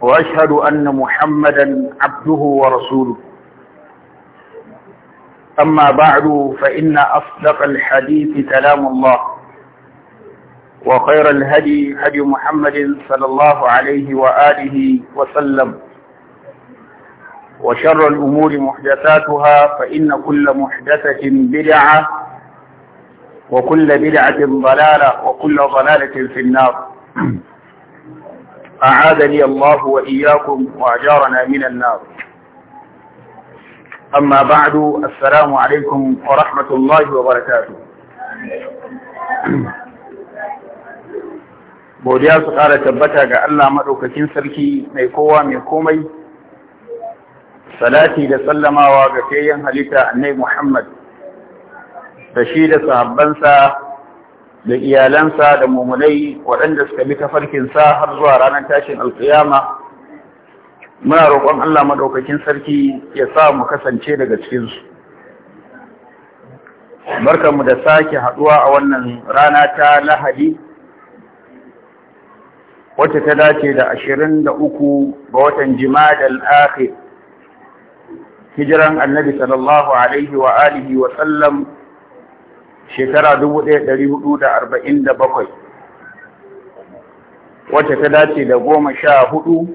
وأشهد أن محمدا عبده ورسوله أما بعد فإن أصدق الحديث كلام الله وخير الهدي هدي محمد صلى الله عليه وآله وسلم وشر الأمور محدثاتها فإن كل محدثة بدعة وكل بدعة ضلالة وكل ضلالة في النار أعادني الله وإياكم وأجارنا من النار أما بعد السلام عليكم ورحمة الله وبركاته بوديا سؤال تبتا جعلنا مدوك تنسلكي ميكوا ميكومي صلاتي لسلم وابكيا هلتا أني محمد فشيد صحبا da iyalansa da mumunai waɗanda suka bi ta farkinsa har zuwa ranar tashin alkiyama muna roƙon Allah maɗaukakin sarki ya sa mu kasance daga cikinsu. Barkanmu da sake haɗuwa a wannan rana ta Lahadi, wacce ta dace da ashirin da uku ga watan Jimadal Akhir, hijiran annabi sallallahu Alaihi wa alihi wa sallam shekara da 1447 wacce ta dace da goma sha hudu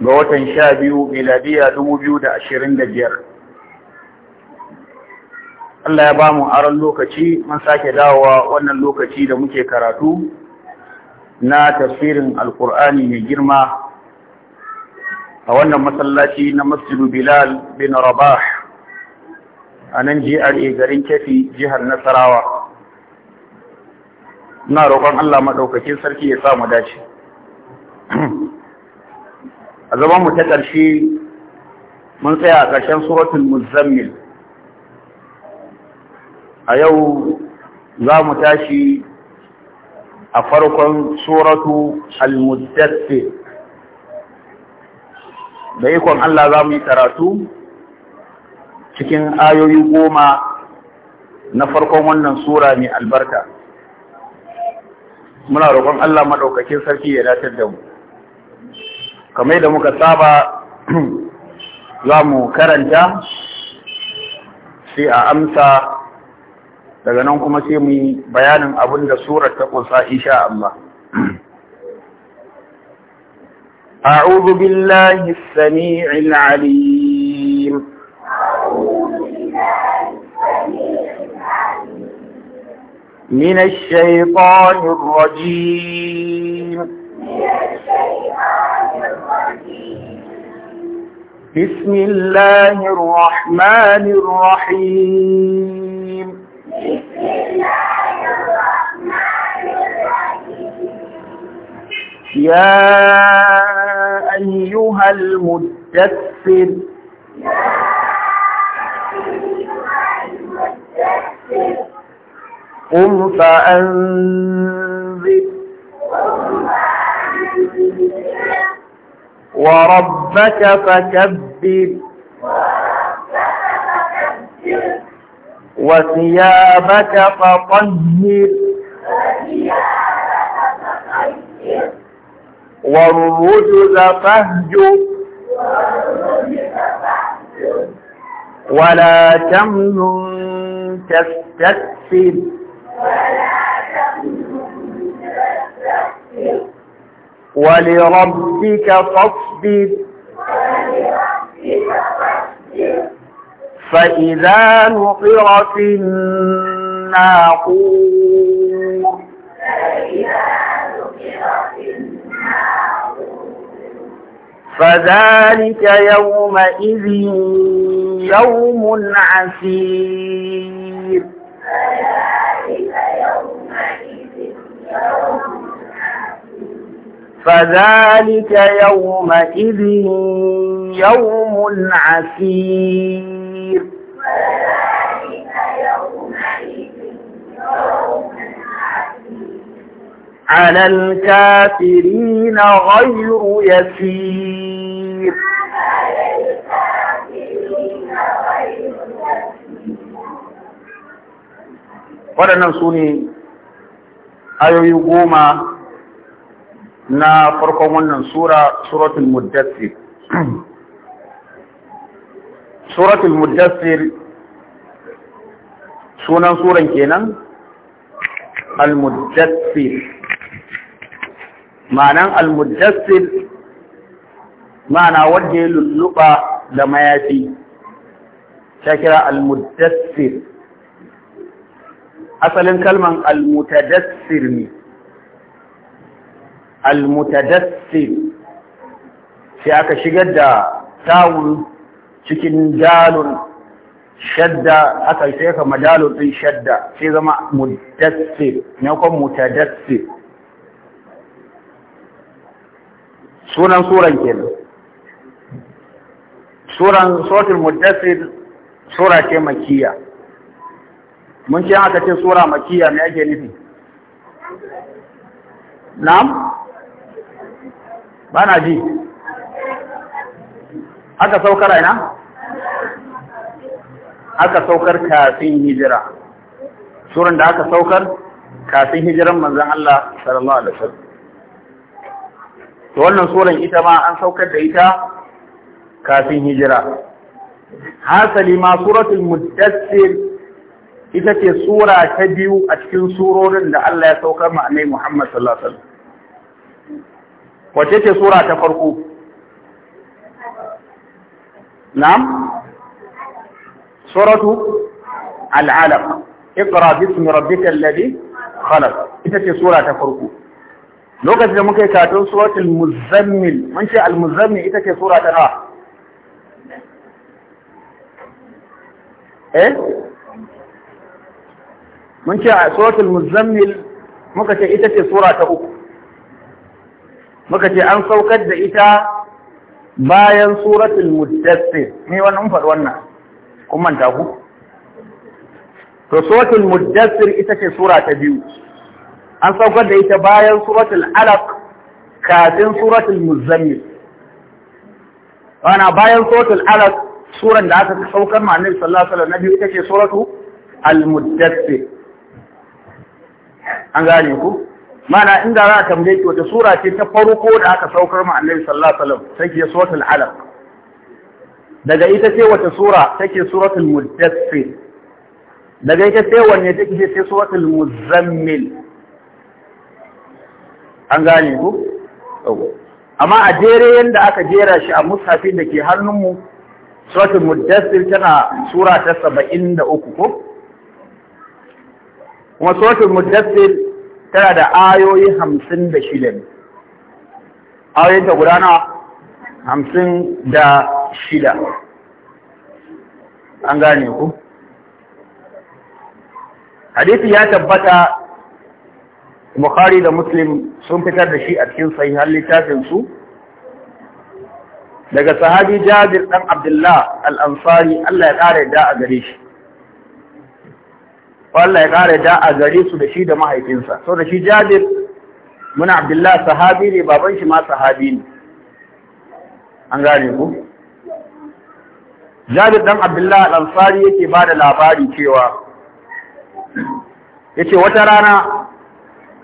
ga watan sha biyu miladiya biyar. Allah ya ba mu aron lokaci mun sake dawowa wannan lokaci da muke karatu na tafsirin alkur'ani mai girma a wannan masallaci na masjidu bilal bin rabah a nan GRA garin Kefi jihar Nasarawa. Ina roƙon Allah maɗaukakin sarki ya sa mu dace. A zaman mu ta ƙarshe mun tsaya a ƙarshen suratul Muzammil. A yau za mu tashi a farkon suratu al-Muddassir. Da ikon Allah za mu yi karatu cikin ayoyi goma na farkon wannan sura mai albarka muna roƙon Allah maɗaukakin sarki ya datar da mu kamar da muka saba za mu karanta sai a amsa daga nan kuma sai mu yi bayanin abin da surar ta ƙunsa isha Allah أعوذ بالله السميع العليم من الشيطان الرجيم بسم الله الرحمن الرحيم يا أيها المدثر يا أيها المدثر قم فأنذر وربك فكبر وثيابك فطهر والرجل فاهجر ولا تمن تستكثر ولربك فاصبر فإذا نقر في الناقور فذلك يومئذ يوم عسير فذلك يومئذ يوم عسير على الكافرين غير يسير waɗannan su ne ayoyi goma na farkon wannan sura suratul muddassir suratul muddassir sunan suran kenan al-muddassir ma'anan al-muddassir ma'ana wanda ya lulluɓa da mayafi ta kira al-muddassir asalin kalman al al-mutadassir ne al al-mutadassir sai aka shigar da tawul cikin dalun shadda aka sai ka madalun din shadda sai zama mutadassir ne kuma mutadassir sunan suran kenan suran suratul mutadassir sura ce makiyya mun ce aka ce sura makiya me ake nufi na'am na ji aka saukar ina aka saukar kafin hijira surun da aka saukar kafin hijiran manzan Allah sallallahu alaihi wasallam to wannan suran ita ma an saukar da ita kafin hijira hasali ma suratul mudaththir ita ce sura ta biyu a cikin surorin da Allah ya saukar ma'anai Muhammad sallallahu alaihi wasallam wace ce sura ta farko na'am suratu al-alaq اقرأ باسم ربك الذي ita ce sura ta farko lokacin da muka yi katon suratul muzammil mun ce al-muzammil ita ce sura ta nawa eh mun ce a suratul muzammil muka ce ita ce sura ta uku muka ce an saukar da ita bayan suratul muddassir ni wannan mun faɗi wannan kun manta ku to suratul muddassir ita ce sura ta biyu an saukar da ita bayan suratul alaq kafin suratul muzammil wana bayan suratul alaq suran da aka saukar ma annabi sallallahu alaihi wasallam na biyu ita ce suratu al-muddassir an gane ku mana inda za a tambaye ki wata sura ce ta farko da aka saukar ma annabi sallallahu alaihi wasallam take suratul alaq daga ita ce wata sura take suratul mudaththir daga ita ce wanne take ce sai suratul muzammil an gane ku amma a jere yanda aka jera shi a mushafin da ke hannunmu suratul mudaththir tana sura ta 73 ko kuma suratul mudaththir tana da ayoyi hamsin da shida ne ayoyinta guda na hamsin da shida an gane ku hadithi ya tabbata Bukhari da Muslim sun fitar da shi a cikin sahihan littafin su daga sahabi Jabir dan Abdullah al-Ansari Allah ya kare da a gare shi Allah ya ƙara da a gare su da shi da mahaifinsa so da shi Jabir muna Abdullah sahabi ne baban shi ma sahabi ne an gane ku Jabir dan Abdullah al-Ansari yake ba da labari cewa yace wata rana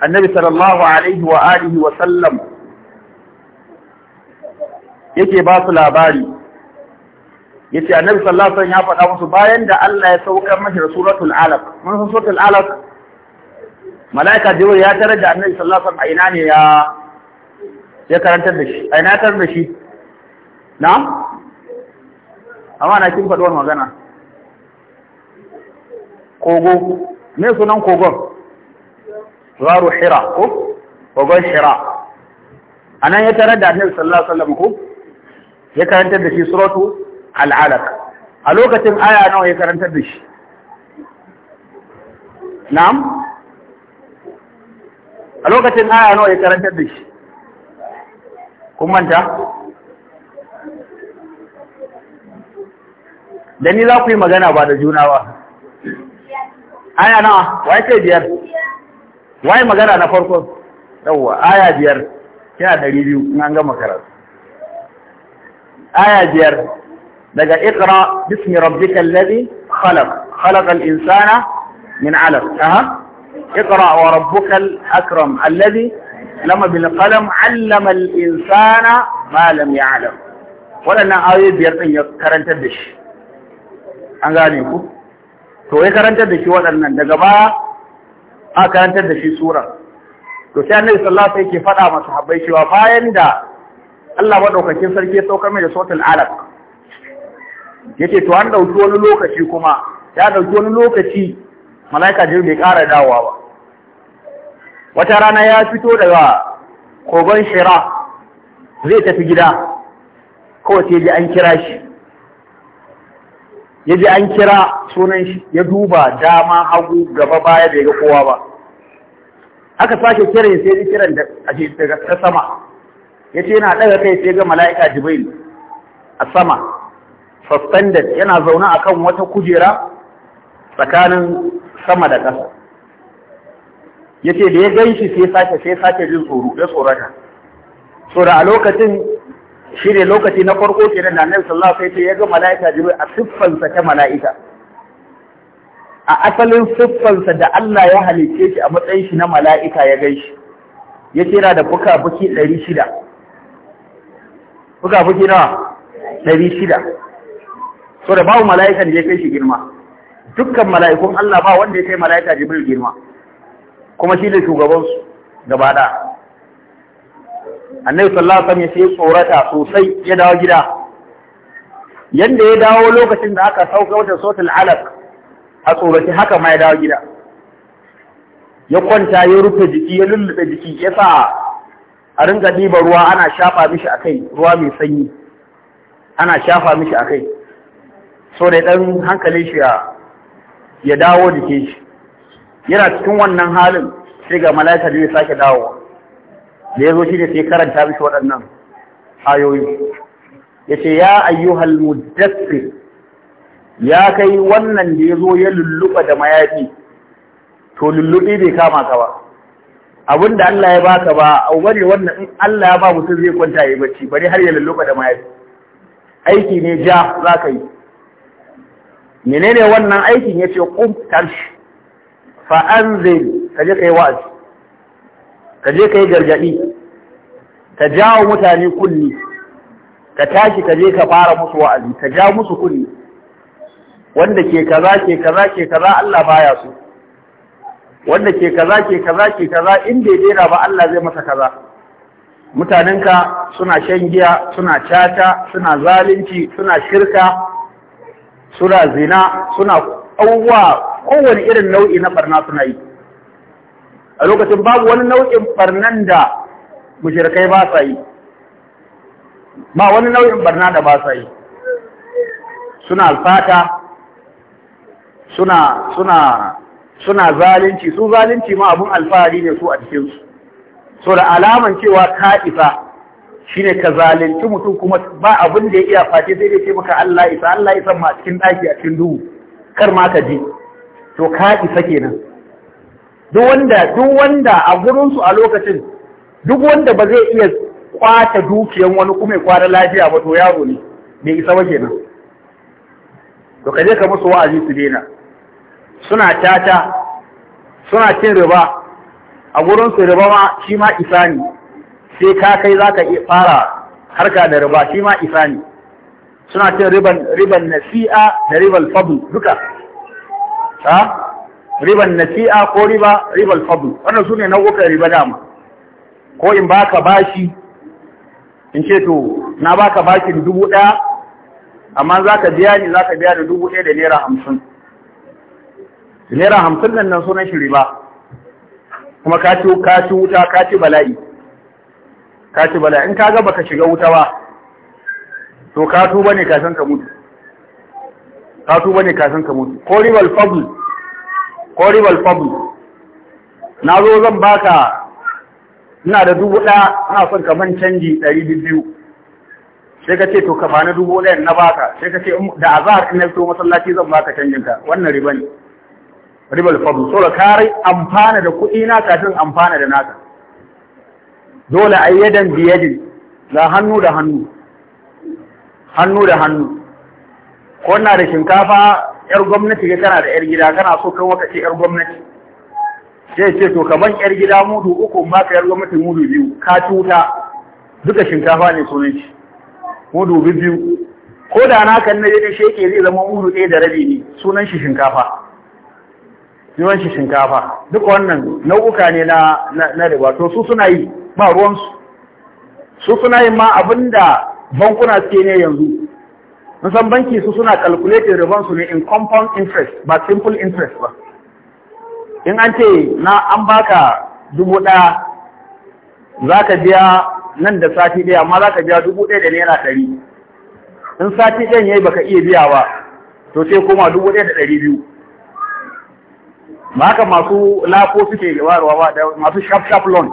Annabi sallallahu alaihi wa alihi wa sallam yake ba su labari yace annabi sallallahu alaihi wasallam ya faɗa musu bayan da Allah ya saukar mashi da suratul alaq mun san suratul alaq malaika jibril ya tarar da annabi sallallahu alaihi wasallam a ina ne ya ya karantar da shi a ina tarar da shi na amma na kin faɗuwar magana kogo me sunan kogon gharu hira ko kogon hira anan ya tarar da annabi sallallahu alaihi wasallam ko ya karantar da shi suratul al'alaq a lokacin aya nawa ya karantar da shi na'am a lokacin aya nawa ya karantar da shi kun manta da ni za ku yi magana ba da juna ba aya nawa wa ce biyar wa yi magana na farko yawwa aya biyar kina ɗari biyu in an gama karatu aya biyar بدأ اقرأ باسم ربك الذي خلق خلق الإنسان من علق أه. اقرأ وربك الأكرم الذي لما بالقلم علم الإنسان ما لم يعلم ولن أعيد آية يرقين يكرن تدش أنقاني أكو تو يكرن تدش ولن نقبا أكرن آه تدش سورة تو سيان نبي صلى الله عليه وسلم فتح ما صحبه شوافا يندا الله ودوك كنسر كي توقع من صوت العلق yace to an ɗauki wani lokaci kuma ya ɗauki wani lokaci mala'ika jibril bai ƙara dawowa ba wata rana ya fito daga kogon shira zai tafi gida kawai sai ji an kira shi ya ji an kira sunan shi ya duba dama hagu gaba baya bai ga kowa ba aka sake kiran sai ji kiran daga ta sama ya ce yana ɗaga kai sai ga mala'ika jibril a sama suspended yana zaune akan wata kujera tsakanin sama da ƙasa ce da ya ganshi sai sake sai sake jin tsoro ya tsorata so da a lokacin shi ne lokaci na farko kenan nan nan sallah sai sai ya ga mala'ika jiru a siffansa ta mala'ika a asalin siffansa da Allah ya halicce shi a matsayin shi na mala'ika ya shi ya yana da buka buki 600 buka buki nawa? ɗari shida. so da babu mala'ikan da ya kai shi girma dukkan mala'ikun Allah ba wanda ya kai mala'ika Jibril girma kuma shi ne shugaban su gaba da Annabi sallallahu alaihi wasallam ya tsorata sosai ya dawo gida yanda ya dawo lokacin da aka sauka wata sautul alaq a tsoraci haka ma ya dawo gida ya kwanta ya rufe jiki ya lullube jiki ya sa a ringa ɗiban ruwa ana shafa mishi akai, ruwa mai sanyi ana shafa mishi akai. so da ɗan hankalin shi ya dawo jikin shi yana cikin wannan halin sai ga mala'ika da ya sake dawo. da ya zo shi ne sai karanta mishi waɗannan ayoyi ya ce ya ayyuhal mudassir ya kai wannan da ya zo ya lulluɓa da mayafi to lulluɓi bai kama ka ba abin da Allah ya baka ba a bane wannan in Allah ya ba mutum zai kwanta ya bacci bari har ya lulluɓa da mayafi aiki ne ja za ka yi menene wannan aikin yace qum tarsh fa anzil kaje kai wa'azi kaje kai gargadi ka jawo mutane kulli ka tashi kaje ka fara musu wa'azi ka ja musu kulli wanda ke kaza ke kaza ke kaza Allah baya su. wanda ke kaza ke kaza ke kaza in bai daina ba Allah zai masa kaza mutanenka suna shan giya suna chata suna zalunci suna shirka suna zina suna abubuwa kowane irin nau'i na barna suna yi a lokacin babu wani nau'in barnan da mushrikai ba sa yi ba wani nau'in barna da ba sa yi suna alfata suna suna zalunci su zalunci ma abun alfahari ne su a cikinsu so da alaman cewa ka isa shine ka zalunci mutum kuma ba abin da ya iya face sai dai ce maka Allah isa Allah isa ma cikin daki a cikin duhu kar ma ka je to ka isa kenan duk wanda duk wanda a gurin su a lokacin duk wanda ba zai iya kwata dukiyan wani kuma ya kwara lafiya ba to yaro ne bai isa ba kenan to ka je ka musu wa'azi su daina suna tata suna cin riba a gurin su riba ma shi ma isa ne sai ka kai za ka fara harka da riba shi ma isa ne suna cin riban riban nasi'a da riban fadl duka ha riban nasi'a ko riba riban fadl wannan sune nau'ukan riba dama ko in baka bashi in ce to na baka bashin dubu ɗaya amma za ka biya ni za ka biya da dubu ɗaya da naira hamsin naira hamsin nan nan sunan shi riba kuma ka ci wuta ka ci bala'i ka ce bala in kaga baka shiga wuta ba to ka tuba ne san ka mutu ka tuba ne san ka mutu ko rival fadl ko rival fadl na zo zan baka ina da dubu ɗaya ana son ka man canji ɗari biyu sai ka ce to ka bani dubu ɗaya na baka sai ka ce um, da azhar in na fito masallaci zan baka canjin ka wannan riba ne ribal fadl so ka amfana da kuɗi na kafin amfana da naka dole ai yadan biyadin ga hannu da hannu hannu da hannu ko na da shinkafa yar gwamnati ga kana da yar gida kana so kai wata ce yar gwamnati sai ce to kaman yar gida mudu uku ba ka yar gwamnati mudu biyu ka tuta duka shinkafa ne sunan shi mudu biyu ko da na kan ne yadda sheke zai zama mudu ɗaya da rabi ne sunan shi shinkafa Yawan shi shinkafa duka wannan nau'uka ne na na riba to su suna yi ba ruwan su suna yi ma abinda bankuna suke ne yanzu san banki su suna calculating riban su ne in compound interest ba simple interest ba in an ce na an baka dubu ɗaya za ka biya nan da sati ɗaya amma za ka biya dubu ɗaya da naira ɗari in sati ɗayan ya yi baka iya biya ba to sai koma dubu ɗaya da ɗari biyu ba haka masu lafo suke warwa ba da masu shaf shaf loan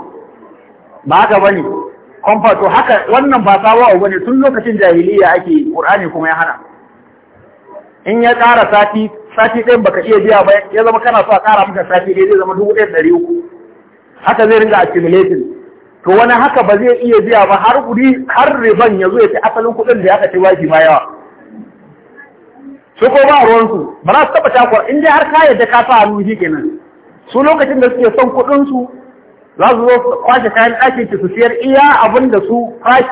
ba haka ba ne to haka wannan ba sawa wa ne tun lokacin jahiliya ake ƙur'ani kuma ya hana in ya ƙara sati sati ɗayan baka iya biya ba ya zama kana so a ƙara maka sati ɗaya zai zama dubu ɗaya ɗari uku haka zai ringa accumulating to wani haka ba zai iya biya ba har kuɗi har riban ya zo ya fi asalin kuɗin da ya aka ce ba yawa su ko ba ruwansu ba za su taɓa takwar in dai har ka yadda ka sa hannu shi kenan su lokacin da suke son kuɗinsu za su zo su kwashe kayan ɗakin su siyar iya abin da su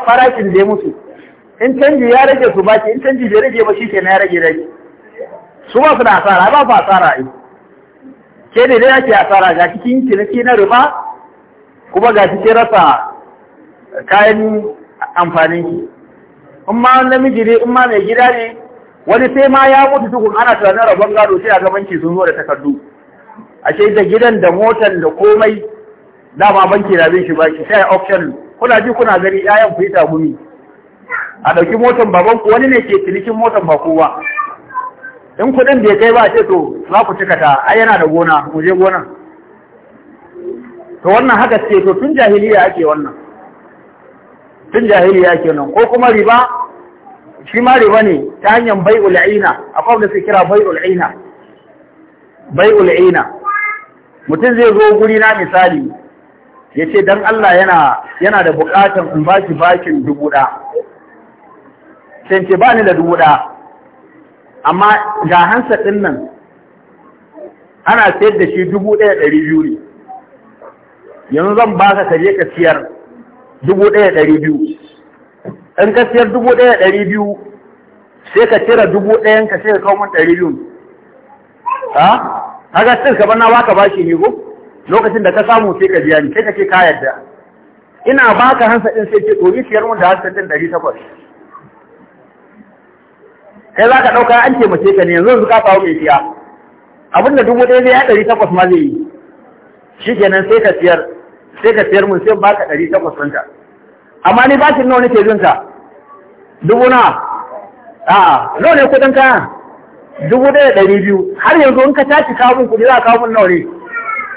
farashin da musu in canji ya rage su baki in canji bai rage ba shi kenan ya rage rage su ba su da asara ba su asara ai ke ne dai ake asara ga cikin ciniki na riba kuma ga cikin rasa kayan amfanin ki in ma namiji ne in ma mai gida ne wani sai ma ya mutu tukun ana tunanin rabon gado sai a gabanci sun zo da takardu ashe da gidan da motan da komai dama banki na bin shi baki sai auction kuna ji kuna gani yayan ku yi tagumi a ɗauki motan baban ku wani ne ke cinikin motan ba kowa in kuɗin bai kai ba ce to za ku cika ta ai yana da gona mu je to wannan haka ce to tun jahiliya ake wannan tun jahiliya ake nan ko kuma riba shi ma riba ne ta hanyar bai a akwai wanda suke kira bai ul'ina bai ul'ina mutum zai zo guri na misali ya ce don Allah yana da bukatan in ba shi bakin dubu ɗa cince ba ni da dubu ɗa amma ga hansa ɗin nan ana sayar da shi dubu ɗaya ɗari biyu ne yanzu zan ba ka kaje ka siyar dubu ɗaya ɗari biyu in ka siyar dubu ɗaya ɗari biyu sai ka cire dubu ɗayan ka sai ka kawo min ɗari biyu ha haka sai ka bana baka bashi ne ko lokacin da ka samu sai ka biya ni sai ka ce ka yadda ina baka hansa ɗin sai ce to ni siyar mun da hansa ɗari takwas kai za ka ɗauka an taimake ka ne yanzu yanzu ka kawo mai siya abin da dubu ɗaya ya ɗari takwas ma zai yi shi kenan sai ka siyar sai ka siyar mun sai baka ɗari takwas ɗinka amma ni shi nawa nake jin ka dubu na a nawa ne kudin kaya? dubu ɗaya da ɗari biyu har yanzu in ka tashi kawo min kuɗi za ka kawo min nawa ne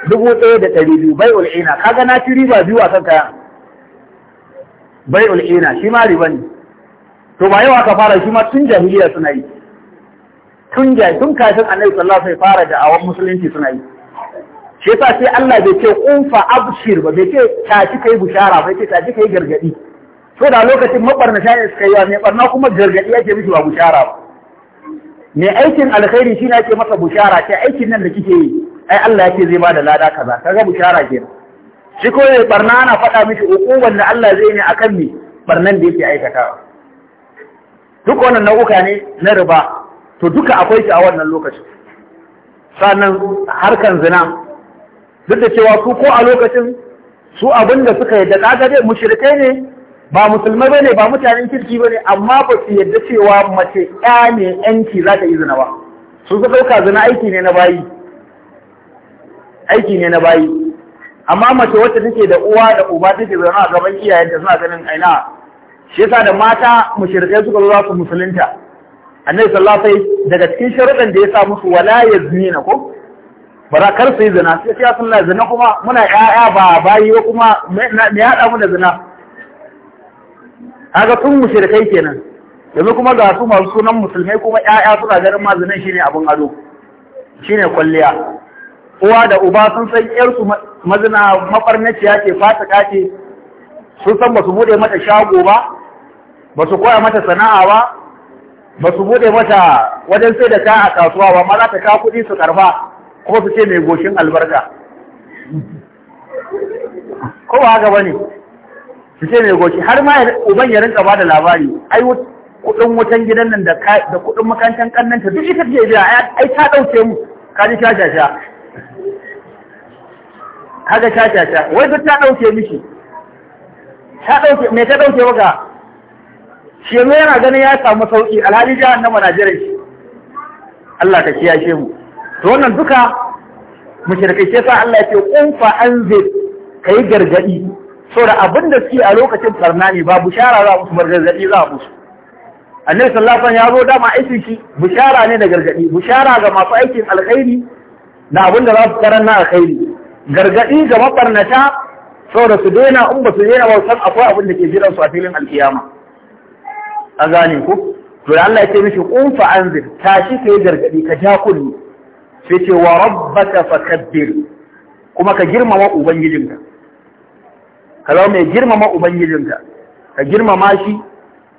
dubu ɗaya da ɗari biyu bai ul'ina ga na ci riba biyu a kan kaya? bai ul'ina shi ma riba ne to ba yau aka fara shi ma tun jahiliya suna yi tun jahiliya tun kafin annabi sallallahu alaihi wasallam fara da awon musulunci suna yi shi yasa sai Allah bai ce kunfa abshir ba bai ce tashi kai bushara ba ce tashi kai gargadi to da lokacin mabarna shayin suka yi mai barna kuma gargadi yake mishi ba bushara ba mai aikin alkhairi shi yake masa bushara ce aikin nan da kike yi ai Allah yake zai bada lada kaza kaga bushara kenan shi ko mai barna ana faɗa mishi hukuman da Allah zai ne akan me barnan da yake aikatawa duk wannan nau'uka ne na riba to duka akwai shi a wannan lokacin sannan harkan zina duk da cewa su ko a lokacin su abin da suka yadda kagare mushrikai ne ba musulmai bane ba mutanen kirki bane amma ba su yadda cewa mace ya ne yanki za ta yi zina ba su ka ɗauka zina aiki ne na bayi aiki ne na bayi amma mace wacce take da uwa da uba take zina a gaban iyayenta suna ganin aina shi yasa da mata mushrikai suka zo su musulunta annabi sallallahu alaihi daga cikin sharuɗan da ya sa musu wala yaznina ko ba za kar su yi zina sai sun suna zina kuma muna ƴaƴa ba bayi ba kuma me haɗa mu da zina kaga sun mushrikai kenan yanzu kuma ga su masu sunan musulmai kuma ƴaƴa suna ganin ma zina shine abin ado shine kwalliya uwa da uba sun san ƴar su mazina mafarnaciya ce fasika ce sun san ba su bude mata shago ba ba su koya mata sana'a ba ba su bude mata wajen sai da ka a kasuwa ba ma za ta ka kuɗi su karfa ko su ce mai goshin albarka ko ba haka ne su ce mai goshi har ma uban ya rinka da labari ai kudin wutan gidan nan da da kudin makarantar kannanta duk ita ce biya ai ta dauke mu ka ji shashasha kaga shashasha wai duk ta dauke miki ta dauke me ta dauke baka? shi yana ganin ya samu sauki alhali jahannama na jiran Allah ka kiyashe mu to wannan duka mushrikai sai sa Allah ya ce kun fa anzir kai gargadi saboda abin da suke a lokacin farna ne ba bushara za musu bar gargadi za musu annabi sallallahu alaihi wasallam ya zo dama aikin shi bushara ne da gargadi bushara ga masu aikin alkhairi da abinda za su karan na alkhairi gargadi ga mabarnata saboda su daina in ba su daina ba san akwai abin da ke jiran su a filin alkiyama a gane ku to da Allah ya ce mishi kun fa anzir tashi kai gargadi ka ja kunni sai ce wa rabbaka fakabbir kuma ka girmama ubangijinka ka zama mai girmama ubangijinka ka girmama shi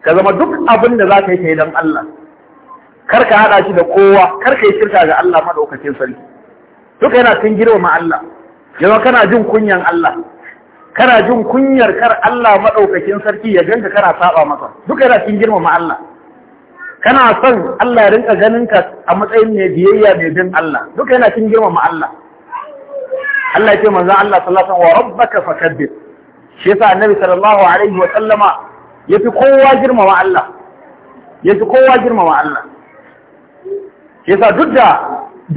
ka zama duk abin da za ka yi ka yi don Allah kar ka haɗa shi da kowa kar ka yi shirka ga Allah maɗaukacin sarki duka yana cikin girmama Allah Yau kana jin kunyan Allah kana jin kunyar kar Allah maɗaukacin sarki ya ganka kana saba masa duka yana cikin girmama Allah kana son Allah ya rinka ganin ka a matsayin mai biyayya mai bin Allah duka yana cin girmama Allah Allah ya ce manzo Allah sallallahu alaihi wa rabbaka fakabbir shi yasa annabi sallallahu alaihi wa sallama yafi kowa girmama Allah yafi kowa girmama Allah shi yasa duk da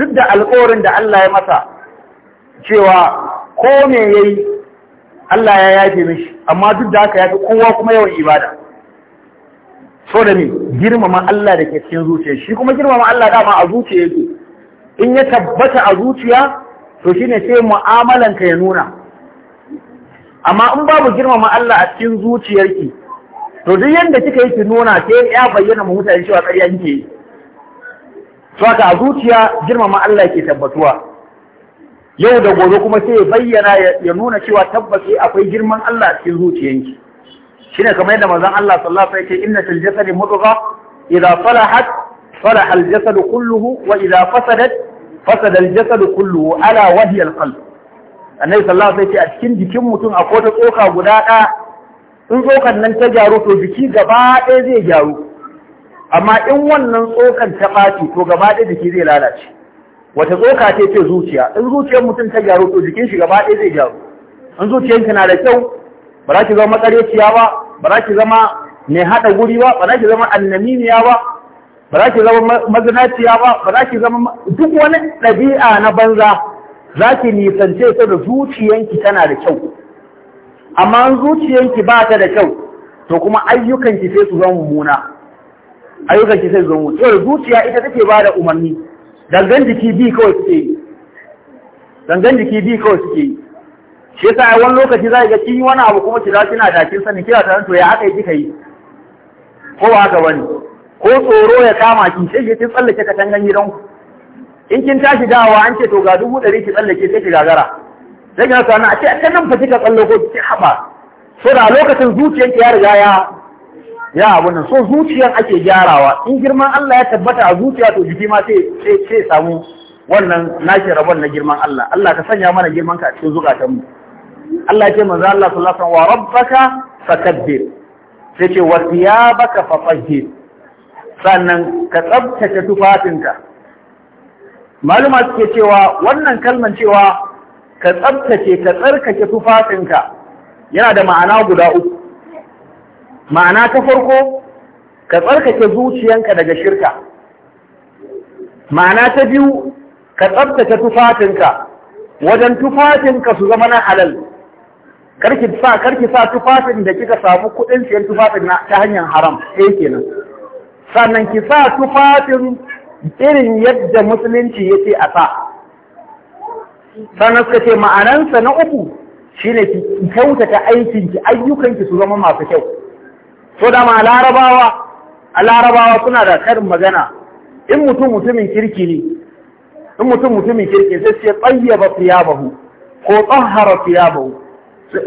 duk da alƙawarin da Allah ya masa cewa ko me yayi Allah ya yafe mishi amma duk da haka yafi kowa kuma yawan ibada so da ne girmama Allah da ke cikin zuciya shi kuma girmama Allah dama a zuciya yake in ya tabbata a zuciya to shine sai mu'amalanka ya nuna amma in babu girmama Allah a cikin zuciyarki to duk yadda kika yi ki nuna sai ya bayyana mu mutane cewa ƙarya kike yi to haka a zuciya girmama Allah ke tabbatuwa yau da gobe kuma sai ya bayyana ya nuna cewa tabbas akwai girman Allah a cikin zuciyanki shine kamar yadda manzon Allah sallallahu alaihi wasallam yake inna fil jasadi mudgha idza salahat salaha al jasadu kulluhu wa idza fasadat fasada al jasadu kulluhu ala wahi al qalb annabi sallallahu alaihi wasallam yake a cikin jikin mutum akwai ta tsoka guda ɗaya in tsokan nan ta gyaru to jiki gaba ɗaya zai gyaru amma in wannan tsokan ta ɓaci to gaba ɗaya jiki zai lalace wata tsoka ce ce zuciya in zuciyar mutum ta gyaru to jikin shi gaba ɗaya zai gyaru in zuciyar na da kyau ba za ki zama makareciya ba ba za ki zama mai haɗa guri ba ba za ki zama annaminiya ba ba za ki zama mazinaciya ba ba za ki zama duk wani ɗabi'a na banza za ki nisance ta da zuciyanki tana da kyau amma zuciyanki ba ta da kyau to kuma ayyukanki sai su zama mummuna ayyukanki sai su zama mummuna yau zuciya ita take ba da umarni dangan jiki bi kawai suke yi dangan jiki bi kawai suke yi shi yasa a wani lokaci za ga kin wani abu kuma kira kina dakin sani kira ta to ya aka yi kika yi ko ba haka bane ko tsoro ya kama ki sai ki tsallake ka tangan gidanku in kin tashi dawa an ce to ga dubu ɗari ki tsallake sai ki gagara sai ki rasa a ce a nan fa kika tsallako ki haba so da lokacin zuciyar ki ya riga ya ya abu nan so zuciyar ake gyarawa in girman Allah ya tabbata a zuciya to jiki ma sai sai samu wannan nake rabon na girman Allah Allah ka sanya mana girman ka a cikin zukatanmu Allah ce manzo Allah sallallahu alaihi wa rabbaka fakabbir sai ce wa thiyabaka fatahhir sannan ka tsabtace tufafinka maluma suke cewa wannan kalman cewa ka tsabtace ka tsarkake tufafinka yana da ma'ana guda uku ma'ana ta farko ka tsarkake zuciyanka daga shirka ma'ana ta biyu ka tsabtace tufafinka wajen tufafinka su zama na halal karki sa karki sa tufafin da kika samu kuɗin siyan tufafin na ta hanyar haram ɗaya eh kenan sannan ki sa tufafin irin yadda musulunci ya ce a sa sannan suka ce ma'anansa na uku shine ki kyautata aikinki ayyukanki su zama masu kyau so da ma larabawa a larabawa suna da karin magana in mutum mutumin kirki ne in mutum mutumin kirki sai sai tsayyaba fiyabahu ko tsahara fiyabahu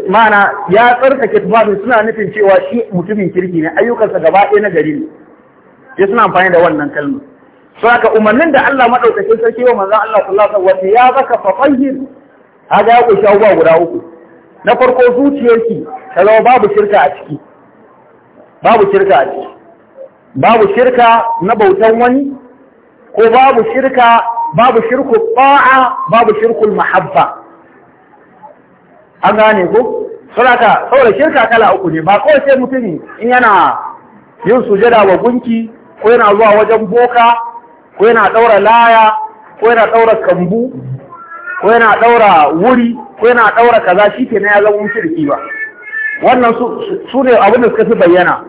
mana ya tsarkake tufafin suna nufin cewa shi mutumin kirki ne ayyukansa gaba ɗaya na gari ne ya suna amfani da wannan kalma ka umarnin da Allah maɗaukacin sarki wa manzan Allah sallallahu alaihi wasallam ya zaka fa tahir haga ya kushi abubuwa guda uku na farko zuciyarki ta babu shirka a ciki babu shirka a ciki babu shirka na bautan wani ko babu shirka babu shirku ba'a babu shirkul mahabba an gane ko saboda saboda shirka kala uku ne ba kawai sai mutum in yana yin sujada wa gunki ko yana zuwa wajen boka ko yana daura laya ko yana daura kambu ko yana daura wuri ko yana daura kaza shikenan ya zama mushriki ba wannan su ne abin da suka fi bayyana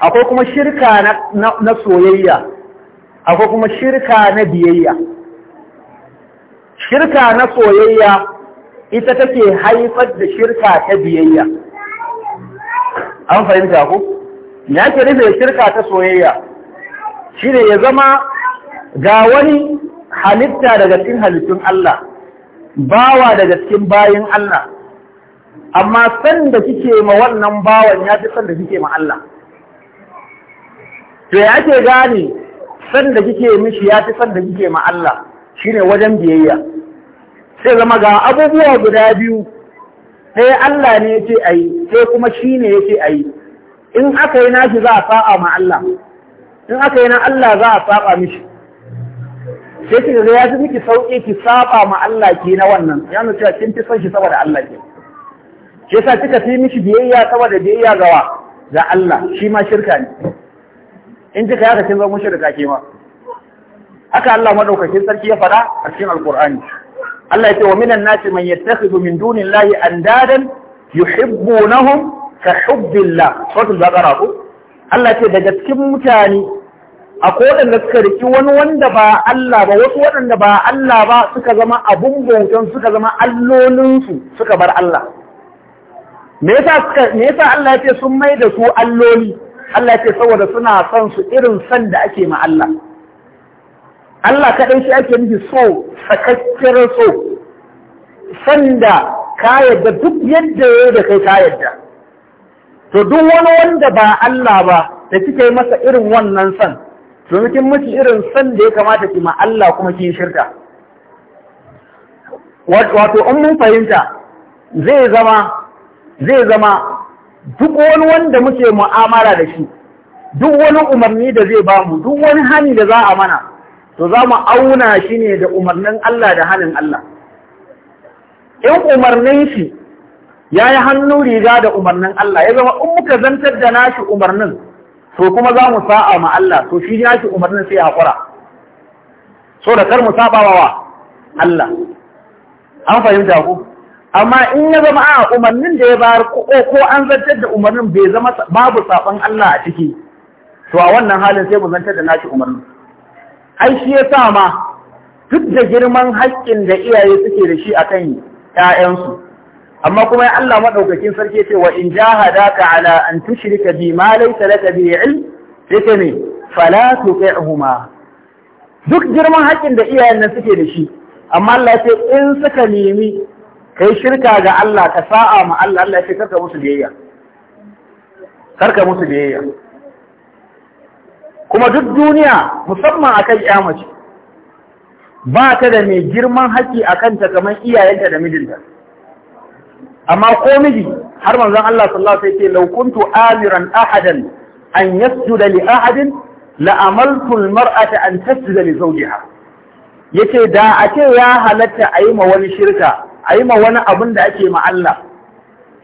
akwai kuma shirka na soyayya akwai kuma shirka na biyayya shirka na soyayya ita take haifar da shirka ta biyayya an fahimta ku ya ke rufe shirka ta soyayya shi ne ya zama ga wani halitta daga cikin halittun Allah bawa daga cikin bayin Allah amma san kike ma wannan bawan ya fi san kike ma Allah to ya ke gane sanda kike mishi ya fi san da kike ma Allah shi ne wajen biyayya sai zama ga abubuwa guda biyu sai Allah ne ya ce a yi, sai kuma shi ne a yi. in aka yi nashi za a saba ma Allah in aka yi na Allah za a saba mishi sai ce ga ya fi miki sauƙi ki saba ma Allah ke na wannan ya nuna cewa kin fi son shi saboda Allah ke shi sa kika fi mishi biyayya saboda biyayya gawa ga Allah shi ma shirka ne in kika yaka kin zama mushrika ke ma haka Allah madaukakin sarki ya faɗa a cikin Alƙur'ani. Allah ya ce wa minan nasi man yattakhidhu min dunillahi andadan yuhibbunahum ka hubbillah suratul baqara ko Allah ya ce daga cikin mutane akwai waɗanda suka riki wani wanda ba Allah ba wasu waɗanda ba Allah ba suka zama abun bautan suka zama allolinsu suka bar Allah me yasa Allah ya ce sun mai da su alloli Allah ya ce saboda suna son su irin san da ake ma Allah Allah kaɗai shi ake nufi so tsakakkiyar so sanda ka yadda duk yadda ya da kai ka yadda to duk wani wanda ba Allah ba da kike masa irin wannan san to kin miki irin san da ya kamata ki ma Allah kuma kin shirka wato in mun fahimta zai zama zai zama duk wani wanda muke mu'amala da shi duk wani umarni da zai bamu duk wani hani da za a mana to za mu auna shi ne da umarnin Allah da hannun Allah in umarnin shi ya yi hannu riga da umarnin Allah ya zama in muka zantar da nashi umarnin to kuma za mu sa'a ma Allah to shi nashi umarnin sai haƙura so da kar mu saba wa Allah an fahimta ku amma in ya zama a umarnin da ya bayar ko ko an zantar da umarnin bai zama babu sabon Allah a ciki to a wannan halin sai mu zantar da nashi umarnin ai shi ya sa ma duk da girman haƙƙin da iyaye suke da shi akan ƴaƴansu amma kuma ya Allah maɗaukakin sarki ce wa in ka ala an tushrika bi ma laysa laka bi il, yake ne fala tuqihuma duk girman haƙƙin da iyayen nan suke da shi amma Allah ya ce in suka nemi kai shirka ga Allah ka sa'a ma Allah Allah ya ce karka musu biyayya karka musu biyayya kuma duk duniya musamman akan ya mace ba ta da mai girman haƙƙi a kanta kamar iyayenta da mijinta amma ko miji har manzon Allah sallallahu alaihi wasallam amiran ahadan an yasjuda li ahadin la mar'ata an tasjuda li zawjiha yace da ake ya halatta yi ma wani shirka ayi ma wani abin da ake ma Allah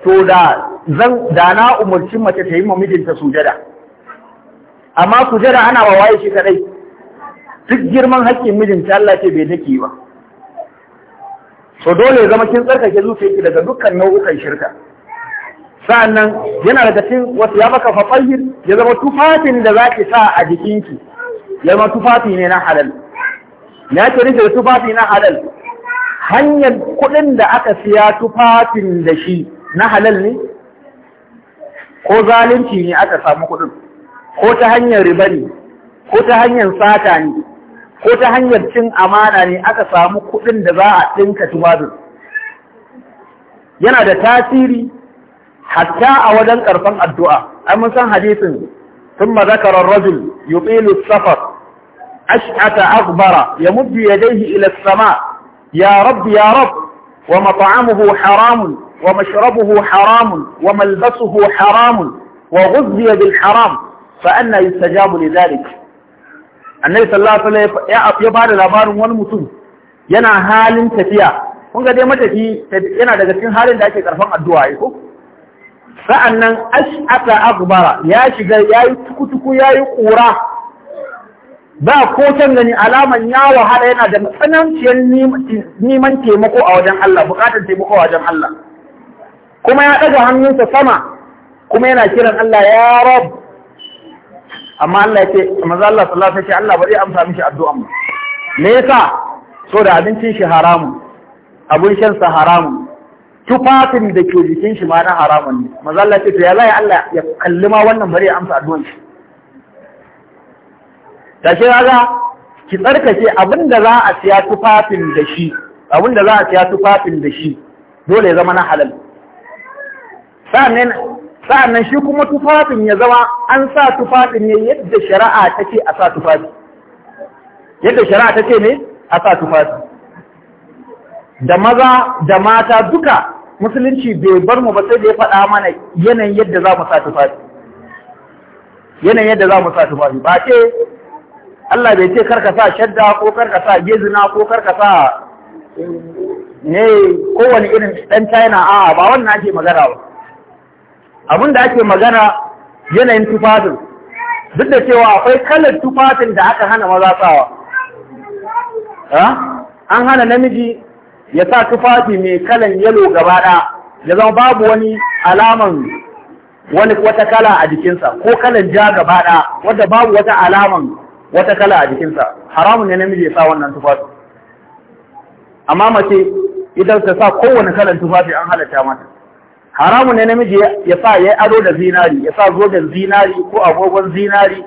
to da na umurci mace ta yi ma mijinta sujada amma jira ana wa waye shi kadai duk girman haƙƙin mijinta Allah ce bai take ba so dole ya zama kin tsarkake zuciyarki daga dukkan nau'ukan shirka sa'annan yana daga cikin wasu ya maka fafahir ya zama tufafin da zaki sa a jikinki ya zama tufafi ne na halal ya ce rike tufafi na halal hanyar kuɗin da aka siya tufafin da shi na halal ne ko zalunci ne aka samu kuɗin ko ta hanyar riba ne ko ta hanyar sata ne ko ta hanyar cin amana ne aka samu kudin da za a dinka tumatur yana da tasiri hatta a wajen karfan addu'a an mun san hadisin thumma zakara ar-rajul as ثم ذكر الرجل يطيل السفر أشعث أغبر يمد ya إلى السماء يا رب يا رب ومطعمه حرام ومشربه حرام وملبسه حرام وغذي بالحرام fa anna yustajabu li zalik annabi sallallahu alaihi wasallam ya bada labarin wani mutum yana halin tafiya kun ga dai matafi yana daga cikin halin da ake karfan addu'a yi eh sa'annan ash'ata akbara ya shiga yayi tukutuku yayi kura ba ko can gani alaman ya wahala yana da tsananciyar neman taimako a wajen Allah bukatar taimako a wajen Allah kuma ya daga hannunsa sama kuma yana kiran Allah ya rabu amma Allah ya ce manzo Allah sallallahu alaihi Allah ba zai amsa mishi addu'an ba me yasa so da abincin shi haramu abun shan sa haramu tufafin da ke jikin shi ma na haramun ne manzo Allah ya ce to ya lai Allah ya kalli ma wannan bare ya amsa addu'an shi ta ce kaga ki tsarkake abin da za a siya tufafin da shi abin da za a siya tufafin da shi dole ya zama na halal sannan sa'annan shi kuma tufafin ya zama an sa tufafin ne yadda shari'a ta ce a sa tufafi yadda shari'a ta ce ne a sa tufafi da maza da mata duka musulunci bai bar mu ba sai da ya faɗa mana yanayin yadda za mu sa tufafi yanayin yadda za mu sa tufafi ba ce Allah bai ce karka sa shadda ko karka sa gezina ko karka sa ne eh, kowane irin ɗan China a ba wannan ake magana ba abin da ake magana yanayin tufafin duk da cewa akwai kalar tufafin da aka hana maza tsawa an hana namiji ya sa tufafi mai kalan yalo gabaɗa ya zama babu wani alaman wani wata kala a jikinsa ko kalan ja gabaɗa wadda babu wata alaman wata kala a jikinsa haramun ne namiji ya sa wannan tufafi amma mace idan ta sa kowane kalan tufafi an halatta mata haramu ne namiji ya sa ya ado da zinari ya sa zoben zinari ko agogon zinari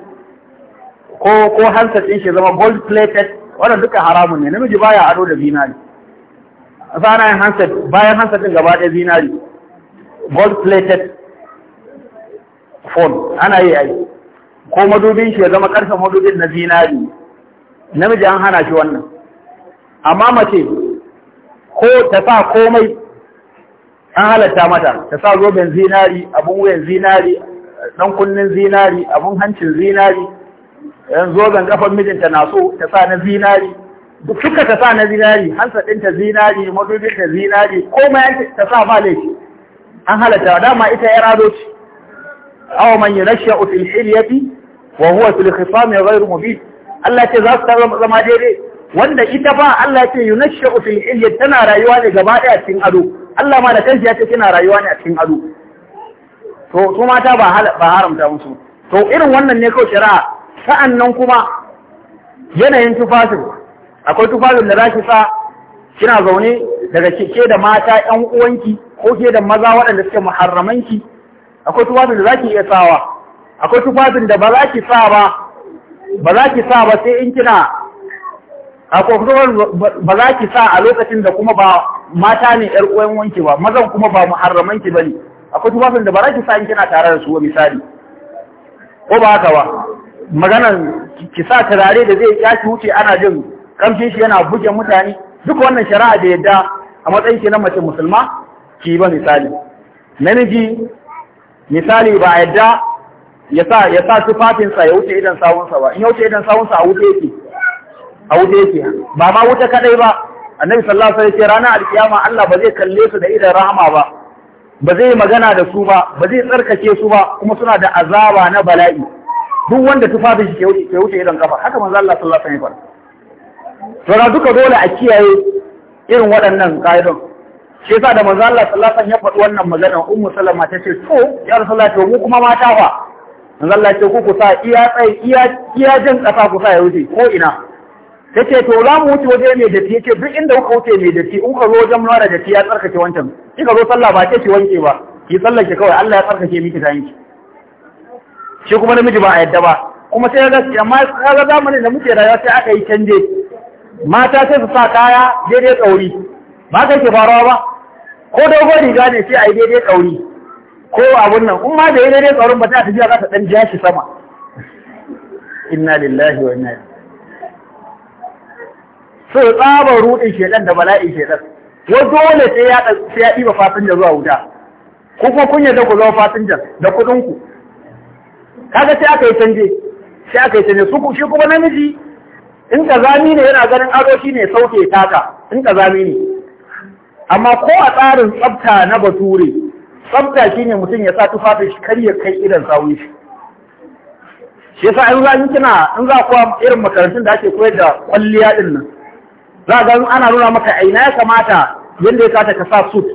ko ko handset din shi zama gold plated wannan duka haramu ne namiji baya ado da zinari sana yin handset bayan handset din gaba ɗaya zinari gold plated phone ana yi ai ko madubin shi ya zama karfe madubin na zinari namiji an hana shi wannan amma mace ko ta sa komai an halatta mata ta sa zoben zinari abun wuyan zinari dan kunnen zinari abun hancin zinari yan zoben kafan mijinta na so ta sa na zinari duk suka ta sa na zinari hansa dinta zinari madubin ta zinari komai ta sa ba laifi an halatta dama ita 'yar ado ce aw man yunashsha'u fil hilyati wa huwa fil khisami ghayr mubin Allah ce za su zama daidai wanda ita ba Allah ce yunashsha'u fil hilyati tana rayuwa ne gaba daya cikin ado Allah ma da kanshi ya ce kina rayuwa ne a cikin ado to su mata ba ba haramta musu to irin wannan ne kawai shari'a nan kuma yanayin tufafin akwai tufafin da zaki sa kina zaune daga ke da mata ƴan uwanki ko ke da maza waɗanda suke muharramanki akwai tufafin da zaki iya sawa akwai tufafin da ba za ki sa ba ba za ki sa ba sai in kina a kofar ba za ki sa a lokacin da kuma ba mata ne yar uwan wanki ba mazan kuma ba muharraman ki ne." akwai tufafin da ba za ki sa in kina tare da su wa misali ko ba haka ba maganan ki sa turare da zai ya ki wuce ana jin kamshin shi yana buge mutane duk wannan shari'a da yadda a matsayin ki na mace musulma ki ba misali namiji misali ba yadda ya ya sa tufafinsa ya wuce idan sawunsa ba in ya wuce idan sawunsa a wuce yake a wuce yake ba ma wuce kadai ba annabi sallallahu alaihi wasallam ranar alkiyama Allah ba zai kalle su da idan rahama ba ba zai magana da su ba ba zai tsarkake su ba kuma suna da azaba na bala'i duk wanda tufafin shi ke wuce idan kafa haka manzo Allah sallallahu alaihi wasallam duka dole a kiyaye irin waɗannan ka'idon shi yasa da manzo Allah sallallahu alaihi wasallam ya faɗi wannan magana ummu sallama ta ce to ya rasulullahi to mu kuma mata fa manzo Allah ce ku ku sa iya tsaye iya iya jin ku sa ya wuce ko ina ta ce to za mu wuce waje mai datti yake duk inda kuka wuce mai datti in ka zo wajen mara datti ya tsarkake wancan kika zo sallah ba ke ki wanke ba ki tsallake kawai Allah ya tsarkake miki ta yanki shi kuma namiji ba a yadda ba kuma sai ga amma kaga zamanin da muke rayuwa sai aka yi canje mata sai su sa kaya daidai tsauri ba ka ke farawa ba ko dogon riga ne sai a yi daidai tsauri ko abun nan in ma da yi daidai tsaurin ba ta tafiya za ta dan ja shi sama inna lillahi wa inna ilaihi Sun tsaba rudin shedan da bala'in shedan wa dole sai ya sai ya diba fasinja zuwa wuta ko kuma kun yarda ku zama fasinja da kudin ku kaga sai aka yi canje sai aka yi canje su ku, shi kuma namiji in zami ne yana ganin ado ne sauke taka in zami ne amma ko a tsarin tsafta na bature tsafta shine mutum ya sa tufafin shi kar ya kai idan sawu shi shi yasa in za in kina in za ku irin makarantun da ake koyar da kwalliya din nan za ga ana nuna maka aina ya kamata yadda ya kata ka sa suit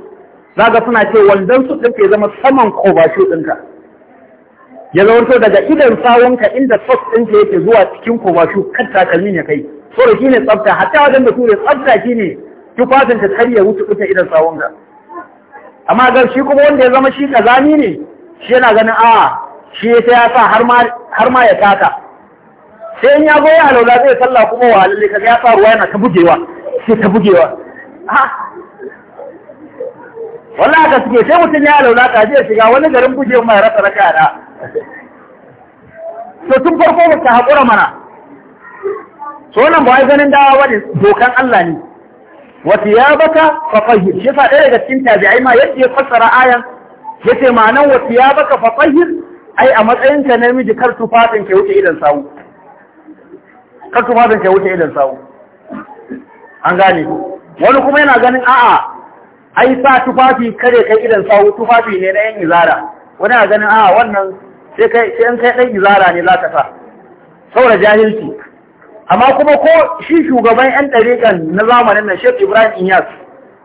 za ga suna ce wandon suit ɗin ke zama saman kobashu ɗinka ya zaunto daga idan sawonka inda sos ɗinka yake zuwa cikin kobashu kan takalmi ne kai saboda shi ne tsafta hatta wajen da ture tsafta shi ne tufafin ta karya wuce wuce idan sawonka amma ga shi kuma wanda ya zama shi kazani ne shi yana ganin a ah, shi ya sa har ma ya kata sai in ya goya alaula zai salla kuma wa halalle kaga ya faruwa yana ta bugewa sai ta bugewa Wani aka suke sai mutum ya alaula ka je shiga wani garin bugewa mai rasa raka da to tun farko ba ta haƙura mana so nan ba ai ganin dawa wani dokan Allah ne wa ya fa tahhir shi fa ɗaya daga cikin tabi'ai ma yadda ya fassara ayan yace ma'anan wa ya fa tahhir ai a matsayin ka namiji kar tufafin ka wuce idan sawu kar tufafin ke wuce idan sawu an gane wani kuma yana ganin a'a ai sa tufafi kare kai idan sawu tufafi ne na yan izara wani yana ganin a'a wannan sai kai sai an kai dan izara ne zaka sa saboda jahilci amma kuma ko shi shugaban yan ɗariƙan na zamanin nan Sheikh Ibrahim Inyas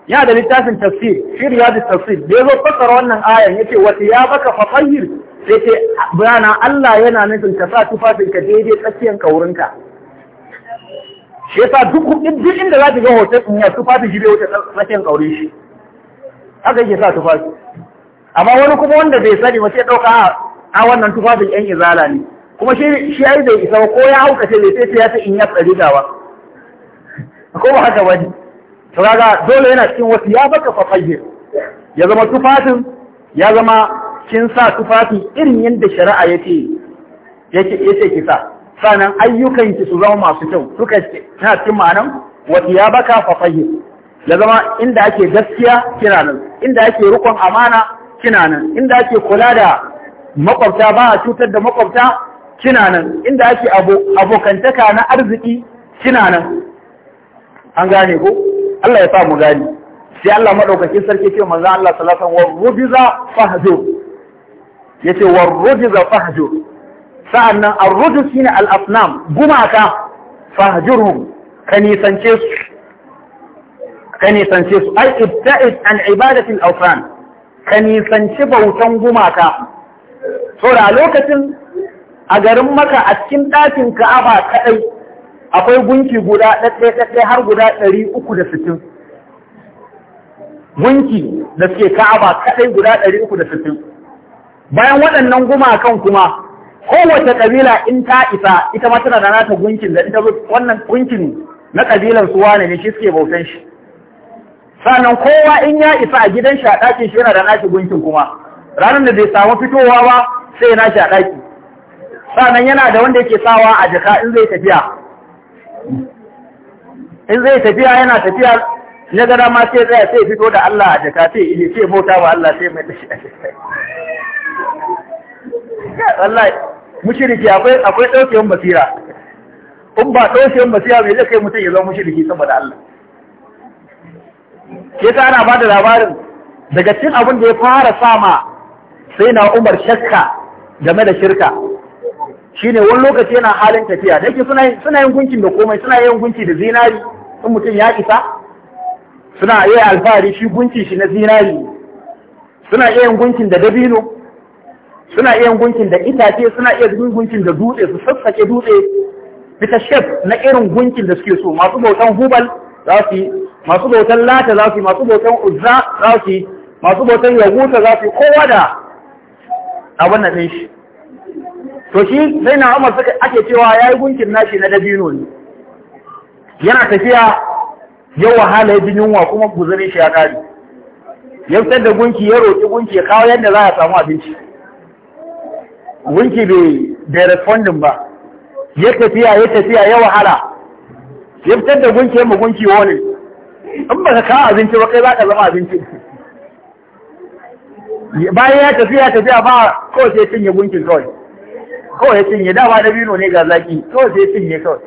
ya da littafin tafsir shi riyadu tafsir da yazo fassara wannan ayan ce, wata ya baka fatayir sai ce bana Allah yana nufin ka sa tufafinka daidai tsakiyan kaurinka shi yasa duk duk inda za ta ga hoton in ya tufafi shi bai wuce tsakin kaure shi haka yake sa tufafi amma wani kuma wanda bai sani ba sai dauka a ah, ah, wannan tufafin yan izala ne kuma shi shi ai bai isa ko ya hauka ce bai sai ya ta in ya tsari dawa ko ba haka bane to kaga dole yana cikin wasu ya baka fafayye ya zama tufafin ya zama kin sa tufafi irin yadda shari'a ya ce ya ce sa sannan ayyukanki su zama masu kyau suka ce na cikin ma'anan wa ya baka fahim ya zama inda ake gaskiya kina nan inda ake rukun amana kina nan inda ake kula da makwabta ba a cutar da makwabta kina nan inda ake abokantaka na arziki kina nan an gane ko Allah ya sa mu gani sai Allah madaukakin sarki ce manzo Allah sallallahu alaihi wasallam wa rubiza fahjur yace wa rubiza fahjur sa'annan ar rujin shine al-asnam gumaka fahjurhum ka nisance su ka nisance su ai ibta'id an ibadati al ka nisanci bautan gumaka saboda a lokacin a garin maka a cikin ɗakin ka'aba kaɗai akwai gunki guda ɗaɗɗe-ɗaɗɗe har guda ɗari uku da sittin gunki da suke ka'aba kaɗai guda ɗari uku da sittin bayan waɗannan gumakan kuma kowace kabila in ta isa ita ma tana da nata gunkin da ita wannan gunkin na kabilar su wane ne shi suke bautan shi sannan kowa in ya isa a gidan shi a ɗakin shi yana da nashi gunkin kuma ranar da bai samu fitowa ba sai na shi a ɗaki sannan yana da wanda yake sawa a jaka in zai tafiya in zai tafiya yana tafiya ya gada ma sai tsaya sai fito da Allah a jaka sai ile sai bauta ba Allah sai mai tashi a jaka wallahi Mushiriki akwai akwai daukewan basira in ba daukewan basira bai zai kai mutum ya zama mushiriki saboda Allah ke ta ana bada labarin daga cin abin da ya fara sama sai na Umar shakka game da shirka shine wani lokaci yana halin tafiya da yake suna suna yin gunkin da komai suna yin gunki da zinari in mutum ya isa suna iya alfahari shi gunki shi na zinari suna iya yin gunkin da dabino suna iya gunkin da itace suna iya gunkin da dutse su sassake dutse bita shef na irin gunkin da suke so masu bautan hubal za su yi masu bautan lata za su yi masu bautan uzza za su yi masu bautan yaguta za su yi kowa da abin nan ɗin shi to shi sai na umar suka ake cewa ya yi gunkin nashi na dabino ne yana tafiya ya wahala ya yunwa kuma guzarin shi ya kare ya fitar da gunki ya roƙi gunki ya kawo yadda za a samu abinci gunki bai responding ba ya tafiya ya tafiya ya wahala ya fitar da gunki mu gunki wani in ba ka kawo abinci ba kai za ka zama abinci bayan ya tafiya tafiya ba kawai sai cinye gunkin kawai kawai ya cinye dama da bino ne ga zaki kawai sai cinye kawai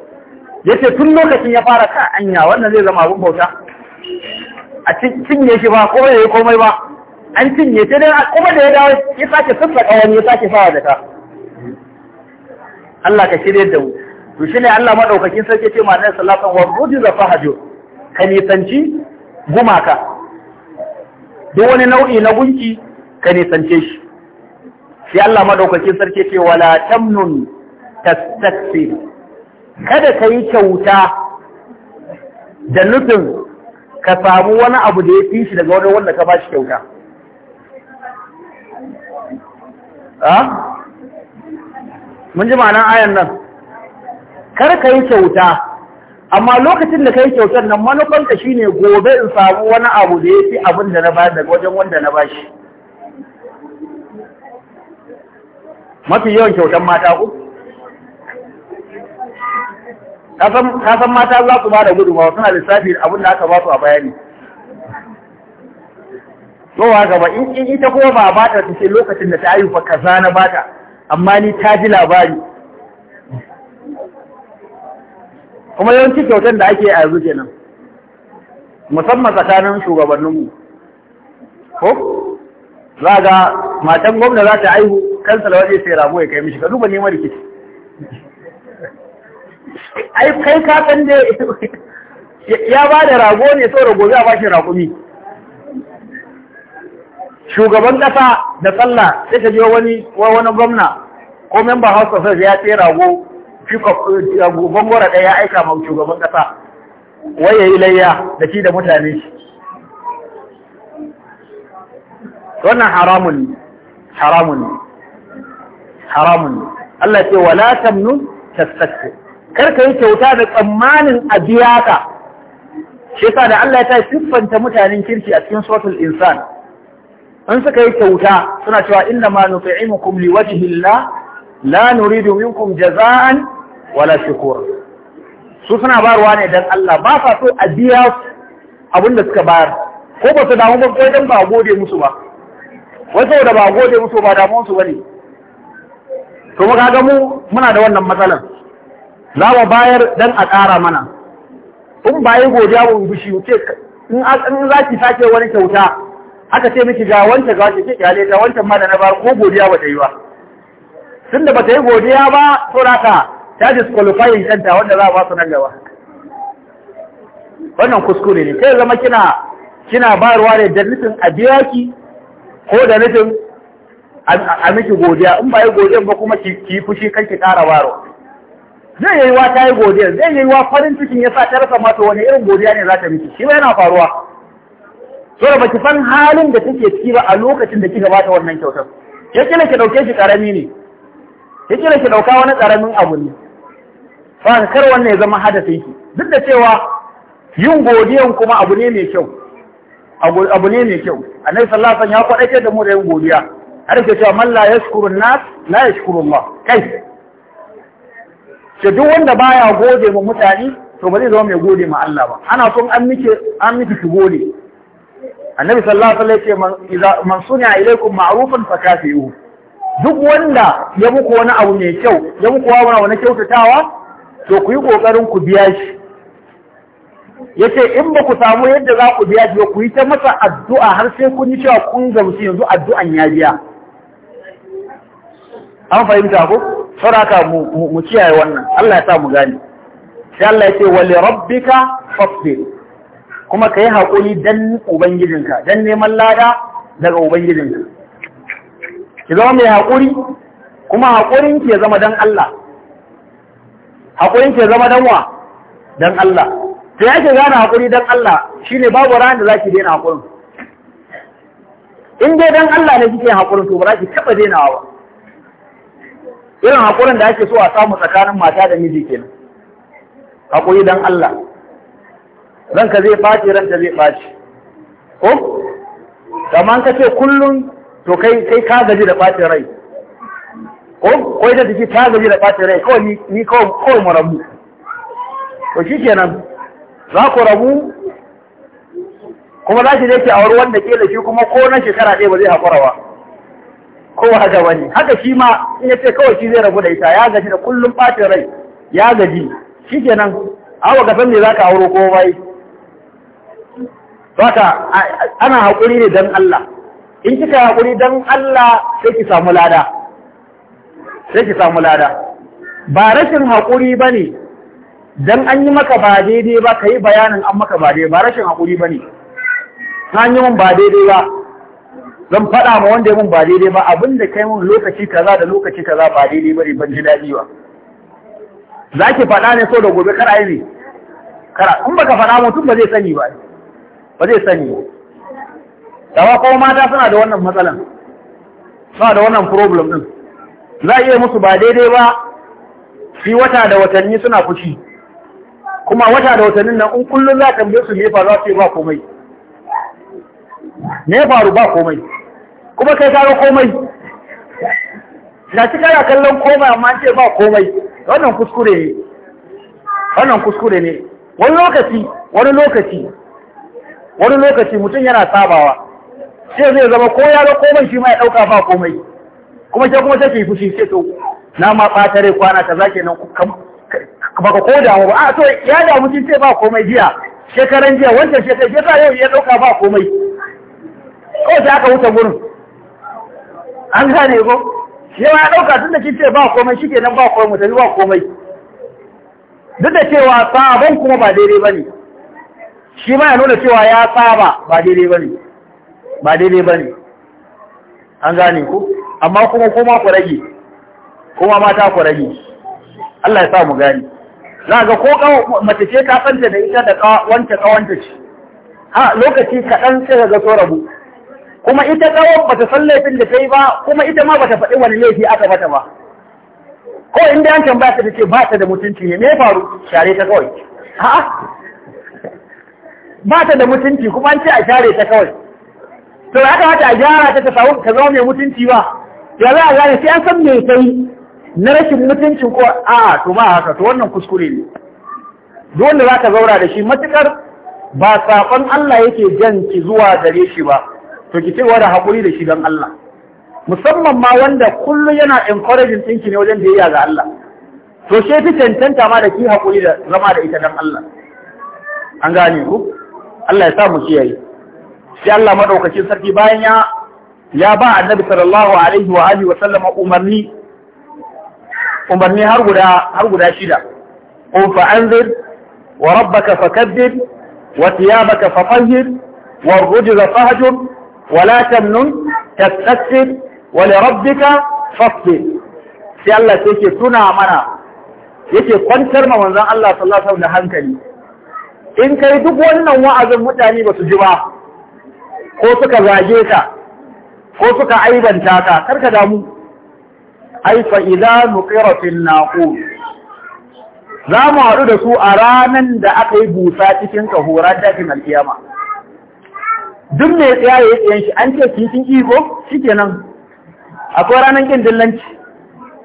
ya ce tun lokacin ya fara ka anya wannan zai zama abin bauta a cinye shi ba ko ya yi komai ba an cinye sai dai kuma da ya dawo ya sake sassaka wani ya sake fara da ta Allah ka shirye da mu to shine Allah madaukakin sarki ce ma annabi sallallahu alaihi wasallam wa rujiza fahajo ka nisanci gumaka duk wani nau'i na gunki ka nisance shi sai Allah madaukakin sarki ce wala tamnun tastaksir kada ka yi kyauta da nufin ka samu wani abu da ya fi shi daga wani wanda ka ba shi kyauta mun ji ma'anar ayan nan kar ka yi kyauta amma lokacin da ka yi kyautar nan manufanta shi ne gobe in samu wani abu da ya fi abin da na ba daga wajen wanda na ba shi mafi yawan kyautar mata ku kasan mata za su ba da ba suna lissafi abin da aka ba su a bayani Zowa gaba in ita kuma ba ba ta ce lokacin da ta ayyuka kaza na bata amma ni ta ji labari kuma yawanci kyautar da ake yanzu kenan musamman tsakanin shugabanninmu ko za ga matan gwamna za ta aihu kansa da waje sai rago ya kai mishi ka duba neman rikici ai kai ka san dai ya ba da rago ne da gobe a bashi raƙumi shugaban ƙasa da sallah sai ka je wani wani gwamna ko memba house of ya ce rago gogon eh, gora ɗaya ya aika ma shugaban ƙasa wai ya yi layya da shi da mutane wannan haramun haramun haramun Allah ce wala tamnun tastakku kar ka yi kyauta da tsammanin a biya ka shi da Allah ya ta siffanta mutanen kirki a cikin suratul insan in suka yi kyauta suna cewa inna ma nut'imukum liwajhi Allah la nuridu minkum jaza'an wala shekuwar. su suna barwa ne dan Allah ba sa so a biya abinda suka bayar ko ba su damu ba ko dan ba gode musu ba wai saboda ba gode musu ba damu su bane to mu ga mu muna da wannan matsalar za mu bayar dan a ƙara mana in ba godiya mu bishi ce in za ki sake wani kyauta aka ce miki ga wancan ga wancan ki hale ta wancan ma da na bar ko godiya ba ta yi ba da ba ta yi godiya ba to raka ta in kanta wanda za a ba su nan gaba wannan kuskure ne kai zama kina kina bayarwa ne da nufin a biya ki ko da nufin a miki godiya in ba yi godiyan ba kuma ki yi fushi kan ki kara baro zai yi wa ta yi godiya zai yi wa farin cikin ya sa ta rasa mata wani irin godiya ne za ta miki shi ba yana faruwa Dole ba ki san halin da take ciki ba a lokacin da kika bata wannan kyautar. Ya kina ki ɗauke shi ƙarami ne. Ya kina ki ɗauka wani ƙaramin abu ne. Ba kar wannan ya zama hadasin ki. Duk da cewa yin godiyan kuma abu ne mai kyau. Abu ne mai kyau. Annabi sallallahu alaihi wasallam ya faɗa da mu da yin godiya. Har ke cewa man la yashkuru nas la yashkuru Allah. Kai. Ke duk wanda baya gode mu mutane to ba zai zama mai gode ma Allah ba. Ana son an miki an miki ki gode. annabi sallallahu alaihi wasallam yace man man sunya ilaikum ma'rufan fakafi'u duk wanda ya muku wani abu mai kyau ya muku wani wani kyautatawa to ku yi kokarin ku biya shi yace in ba ku samu yadda za ku biya shi ku yi ta masa addu'a har sai kun yi cewa kun gamsu yanzu addu'an ya biya an fahimta ko saraka mu mu kiyaye wannan Allah ya sa mu gane sai Allah yace wali rabbika fasbir kuma ka yi haƙuri don ubangijinka don neman lada daga ubangijinka ki zama mai haƙuri kuma haƙurin ke zama don Allah haƙurin ke zama don wa don Allah ta yake gane haƙuri don Allah shine babu ran da za ki daina haƙurin in dai don Allah ne kike haƙurin to ba za ki taɓa dainawa ba irin haƙurin da ake so a samu tsakanin mata da miji kenan haƙuri don Allah ranka zai ɓaci ranka zai ɓaci ko kamar ka ce kullum to kai kai ka gaji da ɓacin rai ko ko ita take ta gaji da ɓacin rai kawai ni ni kawai mu rabu to shi kenan za ku rabu kuma za ki je ki auri wanda ke da shi kuma ko nan shekara ɗaya ba zai haƙura ba ko haka bane haka shi ma in ya ce kawai shi zai rabu da ita ya gaji da kullum ɓacin rai ya gaji shi kenan awa ka san me za ka auro ko bai Baka ana haƙuri ne don Allah, in kika haƙuri don Allah sai ki samu lada, sai ki samu lada. Ba rashin haƙuri ba ne, don an yi maka ba daidai ba ka yi bayanin an maka ba daidai ba rashin haƙuri ba ne. An yi mun ba daidai ba, zan faɗa ma wanda ya mun ba daidai ba abin da kai mun lokaci kaza da lokaci kaza ba daidai ba ne ban ji daɗi ba. Za ki faɗa ne so da gobe kar a yi ne, kara in baka faɗa mutum ba zai sani ba. ba zai sani dawa kuma mata suna da wannan matsalan suna da wannan problem din za a iya musu ba daidai ba fi wata da watanni suna fushi kuma wata da watannin nan in kullum za tambaye su me faru za su ba komai me faru ba komai kuma kai karo komai da shi kana kallon komai amma ce ba komai wannan kuskure ne wannan kuskure ne wani lokaci wani lokaci wani lokaci mutum yana sabawa sai zai zama ko ya ga komai shi ma ya ɗauka ba komai kuma sai kuma take fushi sai to na ma ɓata rai kwana ka zake nan baka ko damu ba a to ya damu shi sai ba komai jiya shekaran jiya wancan shekaran jiya yau ya ɗauka ba komai kawai sai aka wuce gurin an gane ko yawa ya ɗauka tun da shi ce ba komai shi ke nan ba komai mutane ba komai duk da cewa sabon kuma ba daidai ba ne shi ma ya nuna cewa ya saba ba daidai ba ne ba daidai ba ne an gane ku amma kuma kuma ku rage kuma mata ku rage Allah ya sa mu gane za ga ko mace ce ka santa da ita da wancan kawanta ce ha lokaci kaɗan sai ga so rabu kuma ita kawon bata san laifin da ta yi ba kuma ita ma bata faɗi wani laifi aka mata ba ko inda yankan ba ta ce ba ta da mutunci ne me faru share ta kawai a'a ba ta da mutunci kuma an ce a share ta kawai to ya kamata a gyara ta ta samu ka zama mai mutunci ba ya za a gane sai an san mai sai na rashin mutuncin ko a to ba haka to wannan kuskure ne duk wanda za ka zaura da shi matukar ba saƙon Allah yake jan ki zuwa gare shi ba to ki ce da haƙuri da shi don Allah musamman ma wanda kullum yana encouraging ɗinki ne wajen biyayya ga Allah to she fi cancanta ma da ki haƙuri da zama da ita don Allah an gane ku Allah ya sa mu kiyaye sai Allah madaukakin sarki bayan ya ya ba annabi sallallahu alaihi wa alihi wa sallama umarni umarni har guda har guda shida qul fa anzir wa rabbaka fakabbir wa thiyabaka fatahhir wa rujza fahjur wa la tamnun tastakbir wa li rabbika fasbir sai Allah tuna mana yake kwantar ma manzon Allah sallallahu alaihi wa sallam hankali in kai duk wannan wa'azin mutane ba su ji ba ko suka zage ka ko suka aibanta ka karka damu ai fa idza nuqira fil za mu haɗu da su a ranar da aka yi busa cikin ta fi alkiyama duk mai tsaya ya tsayen shi an ce cikin iko shi ke nan. akwai ranar kin dillanci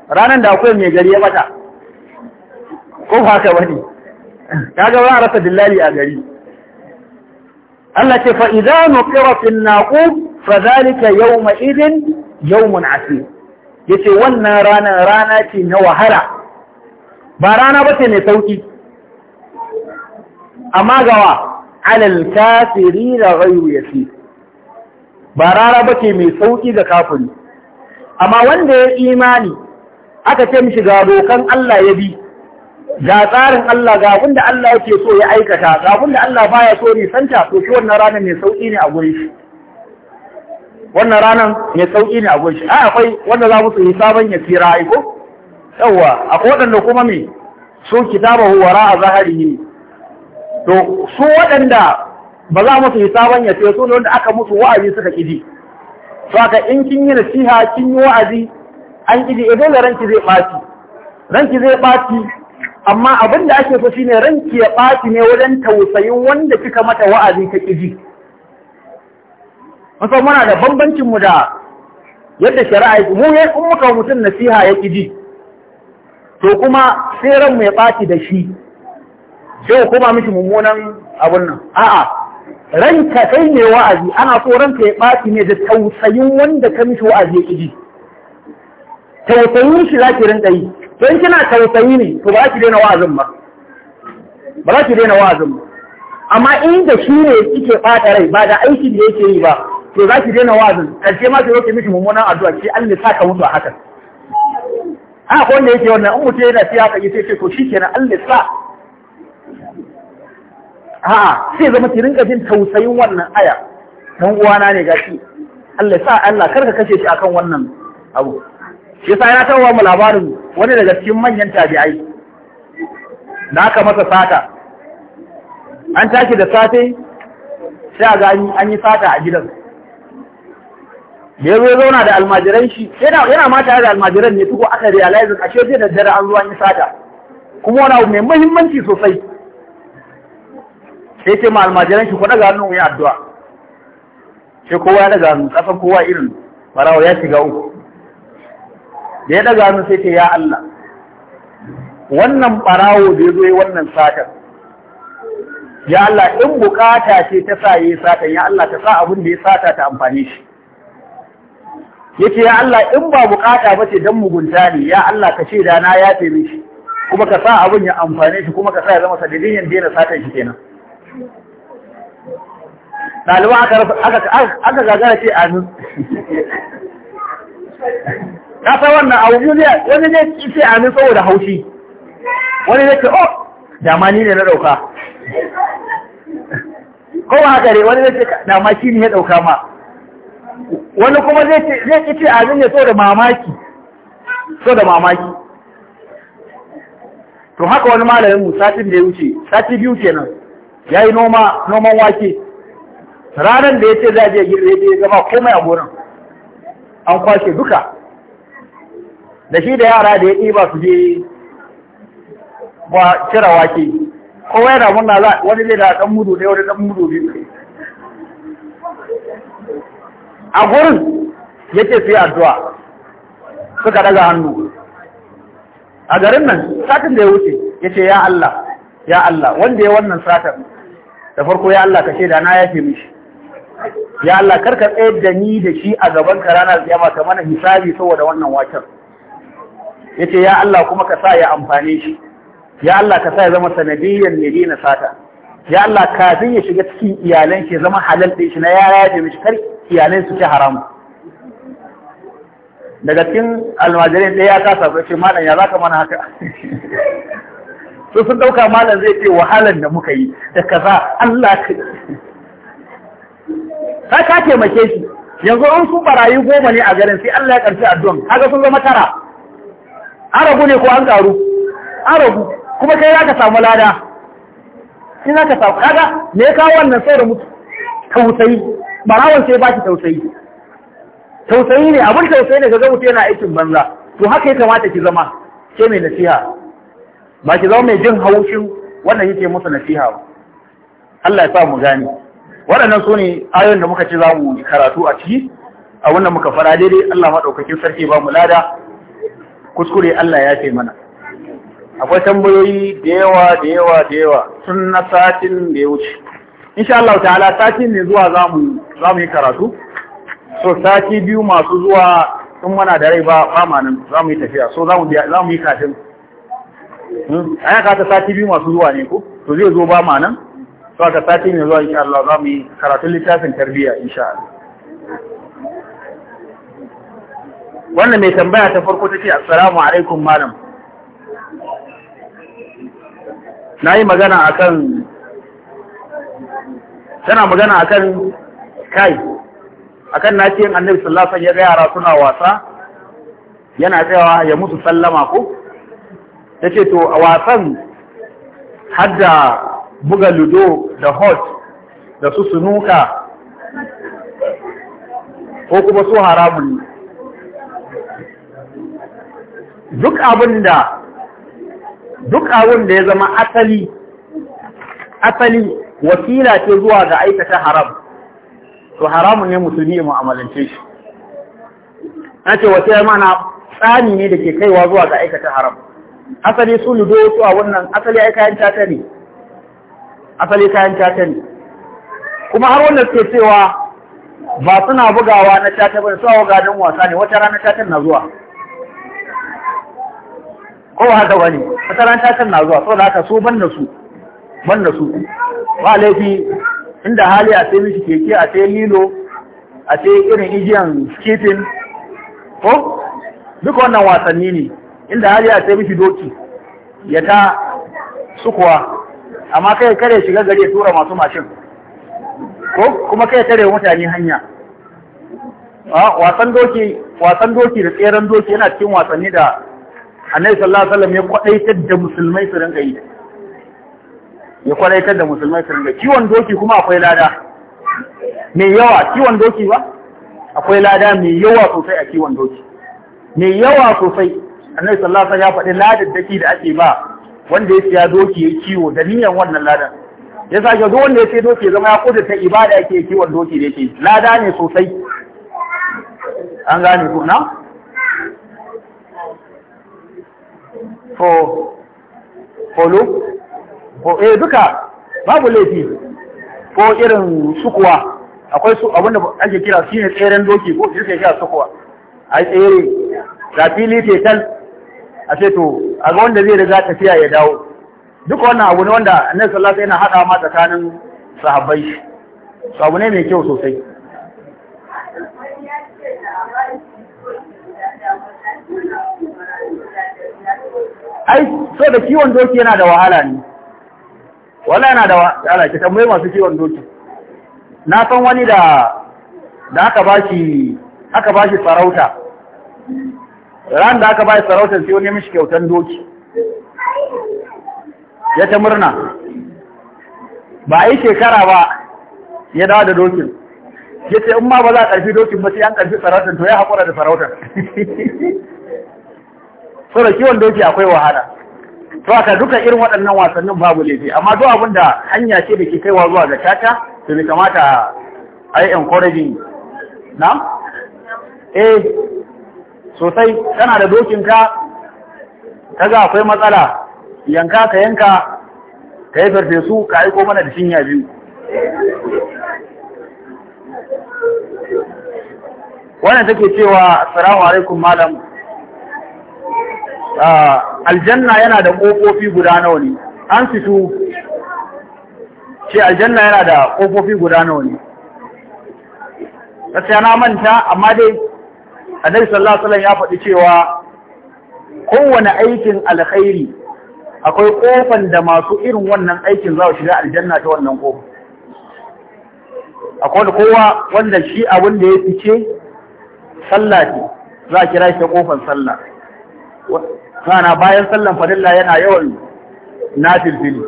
Ranar da akwai mai gari ya bata ko haka wani kaga ba a rasa dillali a gari Allah ce fa idza nuqira fi an-naqub fa zalika yawma idin yawmun asir yace wannan rana rana ce na wahala ba rana ba ce mai sauki amma gawa alal kafirina ya fi. ba rana ba ce mai sauki ga kafiri amma wanda ya imani aka ce mishi ga dokan Allah ya bi ga tsarin Allah ga wanda da Allah yake so ya aikata ga wanda da Allah baya so ne santa to shi wannan ranan mai sauki ne a gurin shi wannan ranar mai sauki ne a gurin shi a akwai wanda za mu su hisaban ya tsira aiko yawa akwai waɗanda kuma me su kitaba huwara a zahari ne to su waɗanda ba za mu su hisaban ya tsira su ne wanda aka musu wa'azi suka kidi to aka in kin yi nasiha kin yi wa'azi an kidi idan eh, ranki zai ɓaci ranki zai ɓaci amma abin da ake so shine ranki ya ɓaci ne wajen tausayin wanda kika mata wa'azi ta ƙiji musamman muna da bambancin mu da yadda shari'a mu ya in muka mutum nasiha ya ƙiji to kuma sai ran mai ɓaci da shi sai kuma miki mummunan abun nan a'a ranka kai ne wa'azi ana so ranka ya ɓaci ne da tausayin wanda ka mishi wa'azi ya ƙiji tausayin shi za ki rinka yi don kina tausayi ne to ba ki daina wa'azin ba ba za ki daina wa'azin ba amma inda shi ne kike fada rai ba da aiki da yake yi ba to za ki daina wa'azin kace ma ki roke miki mummunan addu'a ki Allah sa ka mutu a hakan a ko wanda yake wannan in mutum yana fiya haka sai ce to shikenan Allah sa a sai zama ki rinka jin tausayin wannan aya dan uwana ne gashi Allah sa Allah karka kashe shi akan wannan abu sa ya tawa mu labarin wani daga cikin manyan tabi'ai da aka masa sata an tashi da safe sai ga an yi sata a gidan da ya zauna da almajiran shi yana ma tare da almajiran ne tuko aka realize ashe zai da dare an zuwa yi sata kuma wani mai muhimmanci sosai sai ce ma almajiran shi kwada daga hannun ya addu'a sai kowa ya daga hannun kasan kowa irin barawa ya shiga uku da ya daga hannu sai ce ya Allah wannan barawo da ya zo wannan satar ya Allah in bukata ce ta sa yi satan ya Allah ta sa abin da ya sata ta amfani shi ce ya Allah in ba bukata ba ce don mugunta ne ya Allah ka ce da na ya tsere shi kuma ka sa abin ya amfani shi kuma ka sa ya zama sadadin yin daina satan shi kenan ɗaliban aka gagara ce amin ka san wannan abu wani ne a amin saboda haushi wani ne ce oh dama ni ne na dauka kowa haka ne wani ne ce dama shi ne ya dauka ma wani kuma zai ce a amin ne da mamaki da mamaki to haka wani malamin mu satin da ya wuce sati biyu kenan yi noma noman wake ranar da ya ce za a je girbe ya gama komai a gonan an kwashe duka da shi da yara da ya ɗiba su je ba cire wake kowa yana za wani zai da ɗan mudu ɗaya wani ɗan mudu biyu a gurin yake su yi addu'a suka daga hannu a garin nan satin da ya wuce ya ce ya Allah ya Allah wanda ya wannan satar da farko ya Allah ka da na fi mishi ya Allah karka tsayar da ni da shi a gaban ka ranar kiyama ka mana hisabi saboda wannan waken Ya ce ya Allah kuma ka sa ya amfane shi ya Allah ka sa ya zama sanadiyyar ne dina sata ya Allah kafin ya shiga cikin iyalan shi zama halal din shi na yara ya mishi kar iyalan su ci haram daga cikin almajirin ɗaya ya kasa sai ce malam ya zaka mana haka so sun ɗauka malam zai ce wahalan da muka yi da kaza Allah ka ka taimake shi yanzu an su barayi goma ne a garin sai Allah ya karfi addu'an kaga sun zama tara An ragu ne ko an karu ragu. kuma kai za ka samu lada shi za ka samu lada? me ka wannan sai da mutu tausayi barawan sai ba shi tausayi tausayi ne abin tausayi ne ga mutu yana aikin banza to haka ya kamata ki zama ke mai nasiha ba ki zama mai jin haushin wannan yake musu nasiha ba Allah ya sa mu gani waɗannan su ne ayoyin da muka ci za mu karatu a ciki a wannan muka fara daidai Allah maɗaukakin sarki ba mu lada kuskure Allah ya ce mana akwai tambayoyi da yawa da yawa da yawa tun na satin da ya wuce insha Allah ta'ala satin ne zuwa zamu zamu yi karatu so sati biyu masu zuwa in muna da rai ba ba ma nan zamu yi tafiya so zamu zamu yi kafin hmm? a yaka ta sati biyu masu zuwa ne ko to zai zo ba ma nan so aka sati ne zuwa insha Allah zamu yi karatun littafin tarbiyya insha Allah wannan mai tambaya ta farko ta ce assalamu alaikum malam na yi magana a kan tana magana a kan kai a kan naciyin annabi sallasan ya yara suna wasa yana tsayawa ya musu sallama ko ta ce to a wasan hadda buga ludo da hot da su sunuka ko kuma su haramun duk abin da duk abin da ya zama asali asali wasila ce zuwa ga aikata haram to haramun ne musulmi mu amalance shi na ce wasila mana tsani ne da ke kaiwa zuwa ga aikata haram asali su do su a wannan asali ai kayan ta ne asali kayan ta ne kuma har wanda suke cewa ba suna bugawa na tata ba su a wasa ne wata rana tatan na zuwa ko haka wani makaranta kan na zuwa saboda haka su ban da su ban da su ba laifi inda hali a sai mishi keke a sai lilo a sai irin igiyan skipping ko duka wannan wasanni ne inda hali a sai mishi doki ya ta sukuwa amma kai kare shiga gari ya tura masu mashin ko kuma kai kare mutane hanya wasan doki wasan doki da tseren doki yana cikin wasanni da annabi sallallahu alaihi wasallam ya kwadaitar da musulmai su rinka yi ya kwadaitar da musulmai su rinka kiwon doki kuma akwai lada mai yawa kiwon doki ba akwai lada mai yawa sosai a kiwon doki mai yawa sosai annabi sallallahu alaihi wasallam ya faɗi ladaddaki da ake ba wanda ya siya doki ya kiwo da niyan wannan ladar ya sa duk wanda ya sai doki ya zama ya ta ibada yake kiwon doki da yake lada ne sosai an gane ko na for polo ko eh duka babu laifi ko irin sukuwa akwai su abinda ake kira shine tseren doki ko shi sai kira sukuwa ai tsere da fili tetal a ce to a ga wanda zai riga tafiya ya dawo duka wannan abu ne wanda annabi sallallahu alaihi wasallam yana hada ma tsakanin sahabbai abu ne mai kyau sosai ai so da kiwon doki yana da wahala ne wala yana da wahala ki tambaye masu kiwon doki na san wani da da aka bashi aka bashi sarauta ran da aka bashi sarautar sai wani mishi kyautan doki ya ta murna ba ai shekara ba ya dawo da dokin ya ce in ma ba za a ƙarfi dokin ba sai an ƙarfi sarautar to ya haƙura da sarautar saboda kiwon doki akwai wahala to haka duka irin waɗannan wasannin babu laifi amma duk abin da hanya ce da ke kaiwa zuwa ga caca to bai kamata a yi encouraging na eh sosai Tana da dokin dokinka ga akwai matsala yanka ka yanka ka yi farfesu ka aiko mana da shinya biyu wannan take cewa assalamu alaikum malam aljanna yana da ƙofofi guda nawa ne an fito ce aljanna yana da ƙofofi guda nawa ne gaskiya na manta amma dai annabi sallallahu alaihi wasallam ya faɗi cewa kowane aikin alkhairi akwai kofan da masu irin wannan aikin za su shiga aljanna ta wannan kofa akwai da kowa wanda shi abin da ya fice sallah za a kira shi ta kofan sallah kana bayan sallan fadilla yana yawan nafili-fili,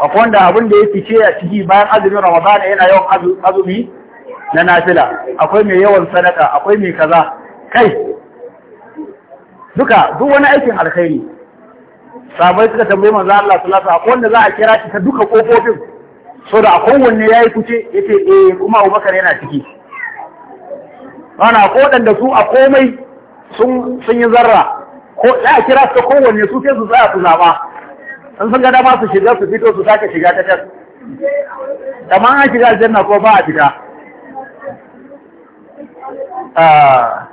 akwai wanda abin da ya fice a ciki bayan azumin ramadana yana yawan azumi na nafila akwai mai yawan sadaka akwai mai kaza kai duka duk wani aikin alkhairi sabai suka tambayi manzo Allah sallallahu alaihi wasallam wanda za a kira shi ta duka kofofin so da kowanne yayi kuce yace eh kuma Abu Bakar yana ciki ana ko da su a komai sun sun yi zarra ko za a kira su kowanne su sai su tsaya su zaba in sun gada dama su shiga su fito su sake shiga ta tas kamar an shiga aljanna ko ba a fita ah,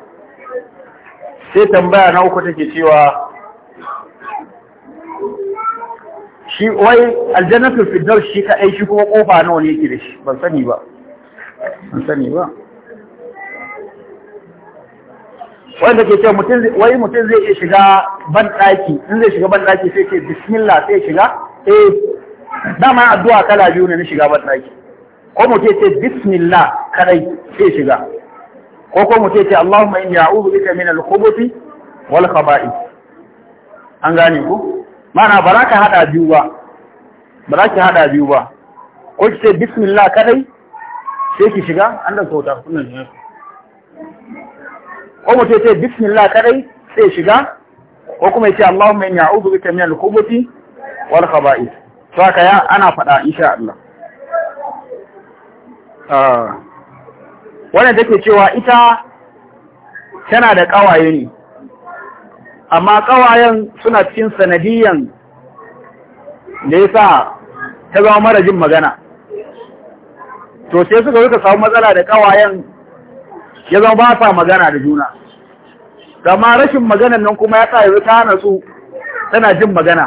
sai tambaya na uku take cewa shi wai aljannatul fidar shi ka aiki kuma kofa nawa ne ke da shi ban sani ba ban sani ba wanda ke ce wai mutum zai iya shiga banɗaki in zai shiga banɗaki sai ce bismillah sai shiga eh dama addu'a kala biyu ne na shiga banɗaki ko mutum ce bismillah kadai sai shiga ko ko mutum ce Allahumma inni a'udhu bika min al-khubuthi wal khaba'ith an gane ku mana baraka ka hada biyu ba baraka hada biyu ba ko ki ce bismillah kadai sai ki shiga an da sauta sunan ko mutum ce bismillah kadai sai shiga ko kuma yace Allahumma inni a'udhu bika min al-khubuthi wal khaba'ith to haka ya ana fada insha Allah ah wannan take cewa ita tana da kawaye ne amma kawayen suna cikin sanadiyan da yasa ta zama mara jin magana to sai suka ka samu matsala da kawayen ya zama ba sa magana da juna gama rashin maganan nan kuma ya tsaye ta nasu tana jin magana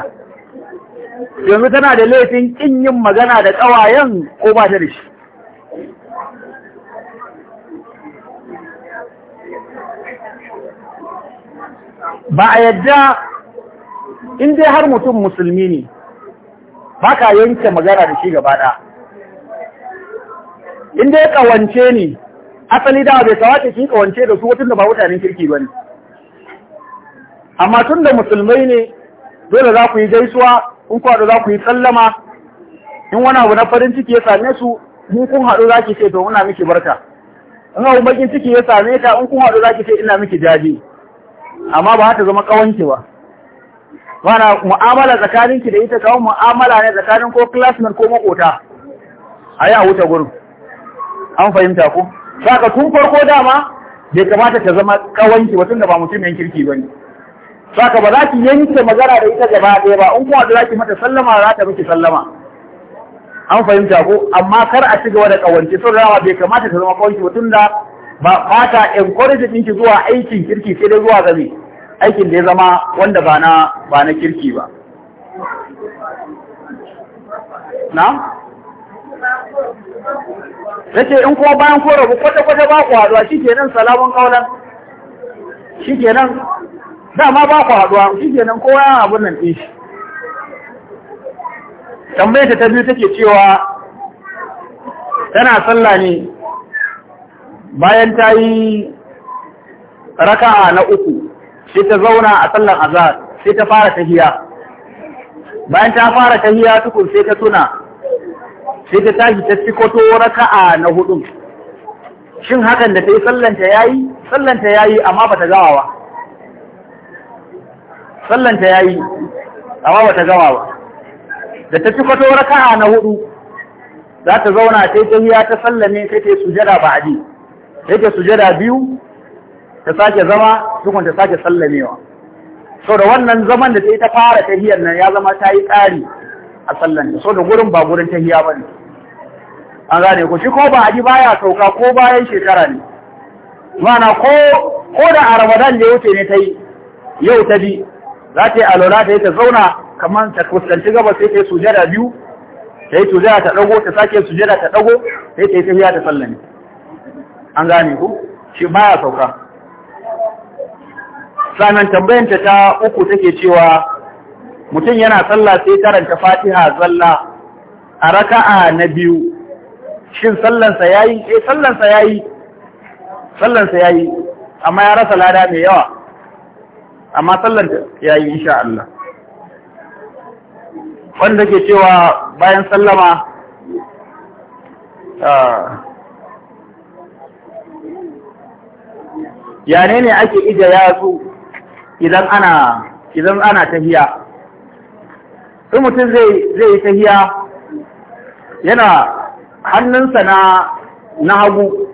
yanzu tana da laifin kin yin magana da ƙawayen ko ba ta da shi ba a yadda in har mutum musulmi ne ba ka yanke magana da shi gaba ɗaya in dai ƙawance ne asali da bai kawace ki kawance da su da ba mutanen kirki ba ne. Amma tun da musulmai ne dole za ku yi gaisuwa, in ku za ku yi sallama, in wani abu na farin ciki ya same su, in kun haɗu za ki ce to ina miki barka. In abu bakin ciki ya same ka in kun haɗu za ki ce ina miki jaji. Amma ba ta zama ƙawanki ba. Mana mu'amala tsakaninki da ita kawo mu'amala ne tsakanin ko classmate ko makota. A yi a wuce gurin. An fahimta ku? saka tun farko dama bai kamata ta zama kawanki ba da ba mutum yan kirki ne. saka ba za ki yanke magana da ita gaba ɗaya ba in kuma za ki mata sallama za ta miki sallama an fahimta ko amma kar a ci gaba da kawance sun rawa bai kamata ta zama kawanki ba da ba fata encourage ɗinki zuwa aikin kirki sai dai zuwa gabe aikin da ya zama wanda ba ba na kirki ba na yace in kuma bayan ko rabu kwata kwata ba ku haduwa shikenan salamun kaulan shikenan dama ba ku haduwa shikenan kowa yana abun nan din shi tambayar ta biyu take cewa tana sallah ne bayan ta yi raka'a na uku sai ta zauna a sallar azhar sai ta fara tahiya bayan ta fara tahiya tukun sai ta tuna sai ta tashi ta cikoto raka'a na hudun shin hakan da ta yi sallanta yayi sallanta yayi amma ba ta gawa ba sallanta yayi amma ba ta gawa ba da ta cikoto raka'a na hudu za ta zauna sai ta hiya ta sallame sai ta yi sujada ba aji sai ta sujada biyu ta sake zama tukun ta sake sallamewa so da wannan zaman da ta yi ta fara tahiyar nan ya zama ta yi tsari a sallan so da gurin ba gurin ta tahiya bane an gane ku shi ko ba aji baya sauka ko bayan shekara ne mana ko ko da a Ramadan ya wuce ne ta yi, yau ta bi za ta yi alola ta yi ta zauna kamar ta kuskanci gaba sai ta yi sujada biyu ta yi sujada ta dago ta sake sujada ta dago sai ta yi tahiya ta sallame an gane ku shi baya sauka Sannan tambayanta ta uku take cewa mutum yana sallah sai karanta fatiha zalla a raka'a na biyu shin sallansa yi? eh sallansa tsallansa sallansa yi, amma ya rasa lada mai yawa amma ya yi insha Allah wanda ke cewa bayan sallama ah, ya ne ake ije yatsu idan ana idan ana tafiya in mutum zai yi tahiya yana hannunsa na hagu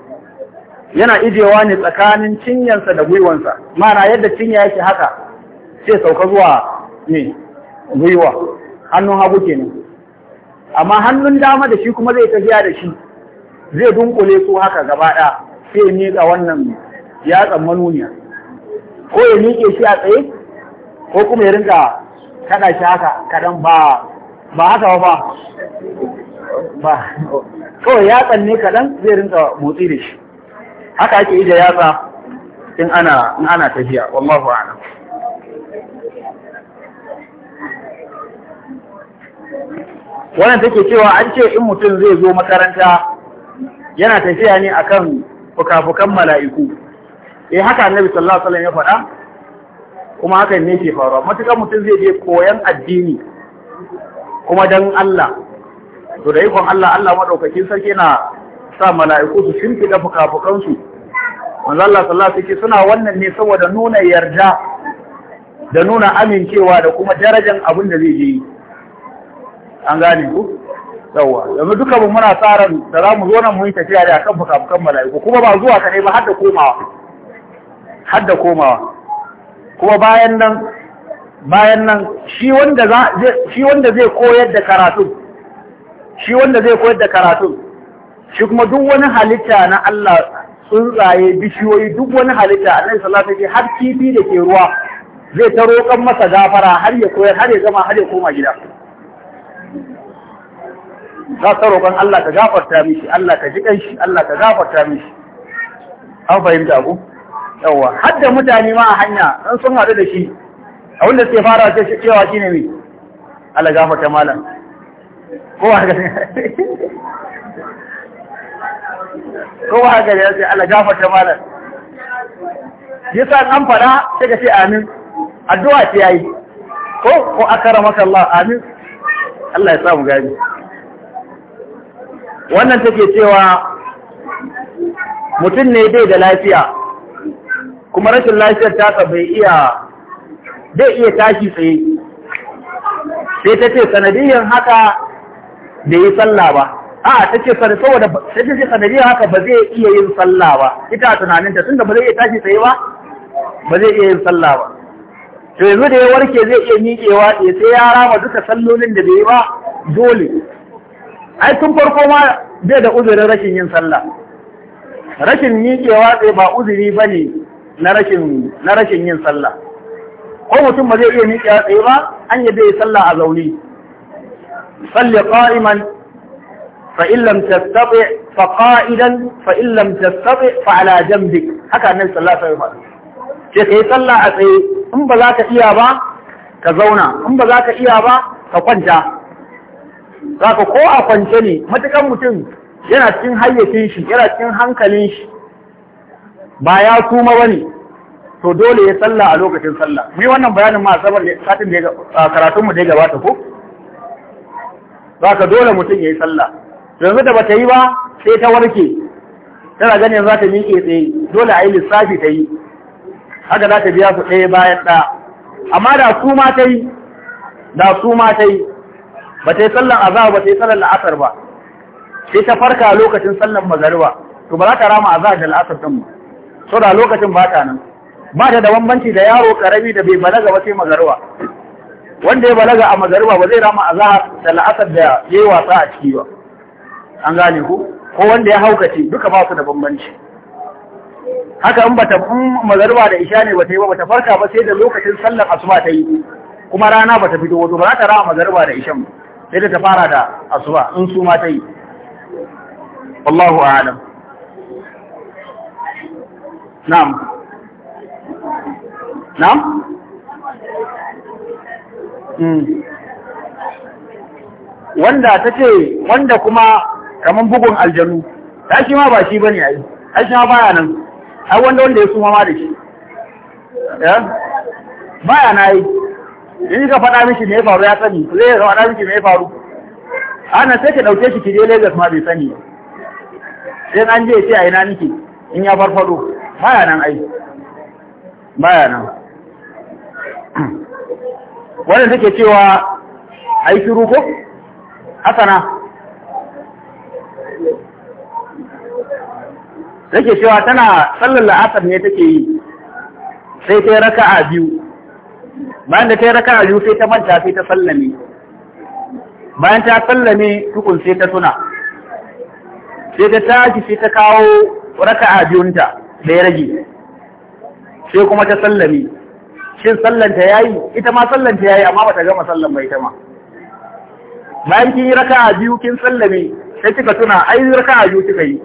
yana ijewa ne tsakanin cinyarsa da gwiwansa mana yadda cinya yake haka sai sauka zuwa ne gwiwa hannun hagu ke kenan amma hannun dama da shi kuma zai tafiya da shi zai dunkule su haka gaba ɗaya sai miƙa wannan yatsan manuniya ko ya miƙe shi a tsaye ko kuma ya rinka kada shi haka kadan ba ba haka ba ba kawai yatsan ne kadan zai rinka motsi da shi haka ake yi da yatsa in ana in ana tafiya wallahu a'lam wannan take cewa an ce in mutum zai zo makaranta yana tafiya ne akan fuka-fukan mala'iku eh haka annabi sallallahu alaihi wasallam ya faɗa kuma haka ne ke faruwa matuƙar mutum zai je koyan addini kuma dan Allah to da ikon Allah Allah madaukakin sarki na sa mala'iku su shirki da su manzo Allah sallallahu alaihi suna wannan ne saboda nuna yarda da nuna amincewa da kuma darajar abin da zai je an gane ku yawa yanzu duka mu muna tsaron da za mu zo nan mu yi tafiya da kan fukafukan mala'iku kuma ba zuwa kai ba har da komawa har da komawa kuma bayan nan bayan nan shi wanda zai koyar da karatun shi wanda zai koyar da karatun shi kuma duk wani halitta na Allah tsuntsaye bishiyoyi duk wani halitta Allah sallallahu alaihi har kifi da ke ruwa zai ta roƙon masa gafara har ya koyar har ya gama har ya koma gida za ta roƙon Allah ka gafarta mishi Allah ka ji shi Allah ka gafarta mishi an fahimta ku yawa hadda mutane ma a hanya sun sun haɗu da shi a wanda sai fara ce cewa shi ne mai Allah ko malam kowa ga kowa ga ya ce Allah gafarta malam yasa an fara sai ka ce amin addu'a ce yayi ko ko maka Allah amin Allah ya sa mu gani wannan take cewa mutum ne bai da lafiya kuma rashin lafiyar ta bai iya zai iya tashi tsaye sai ta ce sanadiyyar haka da yi sallah ba a ta ce saboda ta ce sanadiyyar haka ba zai iya yin sallah ba ita tunaninta tun da ba zai iya tashi tsaye ba ba zai iya yin sallah ba to yanzu da ya warke zai iya miƙewa ya sai ya rama duka sallolin da bai yi ba dole ai tun farko ma bai da uzurin rashin yin sallah rashin miƙewa tsaye ba uzuri ba ne na rashin yin sallah ko mutum ba zai iya miƙe tsaye ba an yi bai sallah a zaune salli ƙa'iman fa in lam tastati fa qa'idan fa in lam tastati fa ala janbik haka annabi sallallahu alaihi wasallam ce kai sallah a tsaye in ba za ka iya ba ka zauna in ba za ka iya ba ka kwanta zaka ko a kwance ne matukan mutum yana cikin hayyacin shi yana cikin hankalin shi ba ya suma bane to dole ya sallah a lokacin sallah mu wannan bayanin ma a satin da karatunmu karatunmu da ya gabata ko ka dole mutum ya yi sallah yanzu da bata yi ba sai ta warke tana ganin za ta miƙe tsaye dole a yi lissafi ta yi haka za ta biya su ɗaya bayan ɗaya amma da su ma ta yi da su ma ta yi ba ta yi sallan azahar ba ta yi sallan la'asar ba sai ta farka lokacin sallan magariba to ba za ta rama azahar da la'asar ɗin so da lokacin baka nan ba ta da bambanci da yaro karami da bai balaga ba sai magarwa wanda ya balaga a magarwa ba zai rama azhar da la'asar da yayi wasa a ciki ba an gane ku ko wanda ya haukace duka ba su da bambanci haka in bata in magarwa da isha ne ba ta yi ba bata farka ba sai da lokacin sallar asuba ta yi kuma rana bata fito wato ba za ta rama magarwa da ishan sai da ta fara da asuba in su ma ta yi wallahu a'lam نعم نعم hmm. Wanda ta ce, wanda kuma kamar bugun aljanu, ta shi ma ba shi ba ne a yi, ta shi ma baya nan, ai wanda wanda ya suma ma da shi. Eh? Baya na yi, in ka faɗa mishi ne faru ya sani, zai ka faɗa mishi ne faru. Ana sai ka ɗauke shi ki je Legas ma bai sani. Sai an je ce a ina nike in ya farfado. baya nan ai baya nan wannan take cewa ai shiru ko hasana take cewa tana sallar la'asar ne take yi sai ta yi raka'a biyu bayan da ta yi raka'a biyu sai ta manta sai ta sallame bayan ta sallame tukun sai ta suna. sai ta tashi sai ta kawo raka'a biyunta da ya rage sai kuma ta sallami. shin sallanta yi? ita ma sallanta yi, amma bata gama sallan ba ita ma bayan kin yi raka a biyu kin sallame sai kika tuna ai raka a biyu kika yi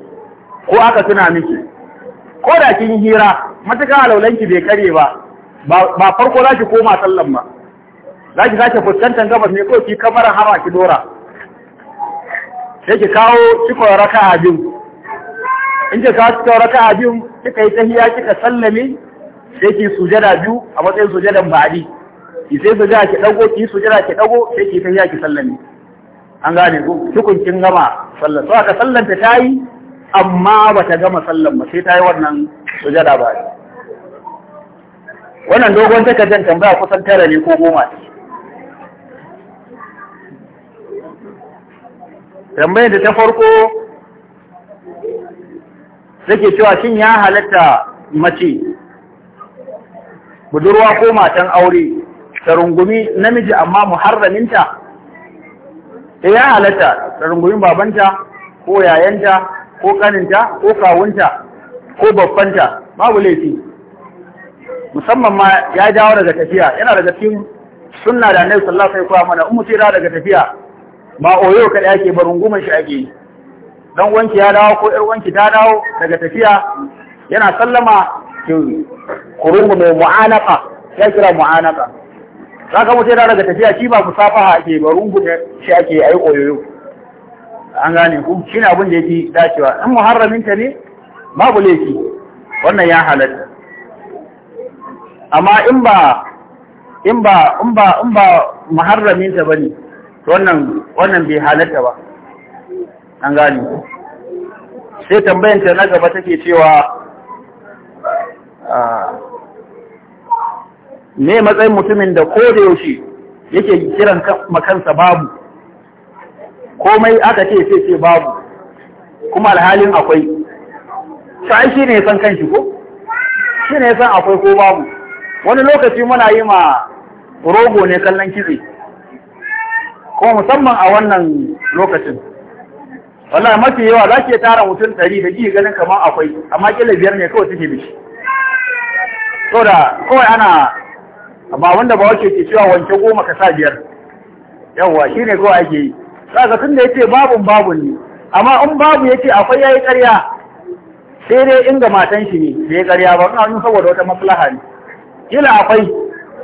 ko aka tuna miki ko da kin hira matuka laulanki bai kare ba ba farko za ki koma sallan ba za ki sake fuskantar gabas ne ko ki kamarar hawa ki dora sai ki kawo cikon a biyu in ki kawo cikon a biyu kika yi tahiya kika sallame sai ki sujada biyu a matsayin sujadan ba'adi ki sai sujada ki dago ki sujada ki dago sai ki tahiya ki sallame an gane ko tukun kin gama sallar to aka sallanta tayi amma bata gama sallar ba sai tayi wannan sujada ba wannan dogon takardar tambaya kusan tara ne ko goma ce tambayar da ta farko nake cewa shin ya halatta mace budurwa ko matan aure ta rungumi namiji amma muharraminta e ya halatta ta babanta ko yayanta ko kaninta ko kawunta ko babbanta babu laifi musamman ma ya dawo daga tafiya yana daga cikin sunna da annabi sallallahu alaihi wasallam mana ummu tira daga tafiya ba oyo kada yake ba shi ake yi dan wanki ya dawo ko ƴar wanki ta dawo daga tafiya yana sallama ki kurungu mai mu'anaka ya kira mu'anaka ka mutu yana daga tafiya shi ba musafaha ake ba rungu shi ake yi oyoyo an gane ku shine abin da ya fi dacewa in muharramin ta ne babu laifi wannan ya halatta amma in ba in ba in ba in ba muharramin ta bane wannan wannan bai halatta ba an gani sai tambayanta na gaba take cewa ne ah, matsayin mutumin da ko da yaushe yake kiran makansa babu komai aka ce sai ce babu kuma alhalin akwai shi shi ne san kanshi ko shi ne san akwai ko babu wani lokaci muna yi ma rogo ne kallon kitse kuma musamman a wannan lokacin wallahi mafi yawa za ki tara mutum ɗari da ji ganin kamar akwai amma kila biyar ne kawai suke bishi so da kawai ana ba wanda ba wake ke cewa wanke goma ka sa biyar yawwa shi ne kawai ake yi za tun da ya ce babun babun ne amma in babu ya ce akwai ya yi ƙarya sai dai inga matan shi ne da ya ƙarya ba ina yin saboda wata maslaha ne kila akwai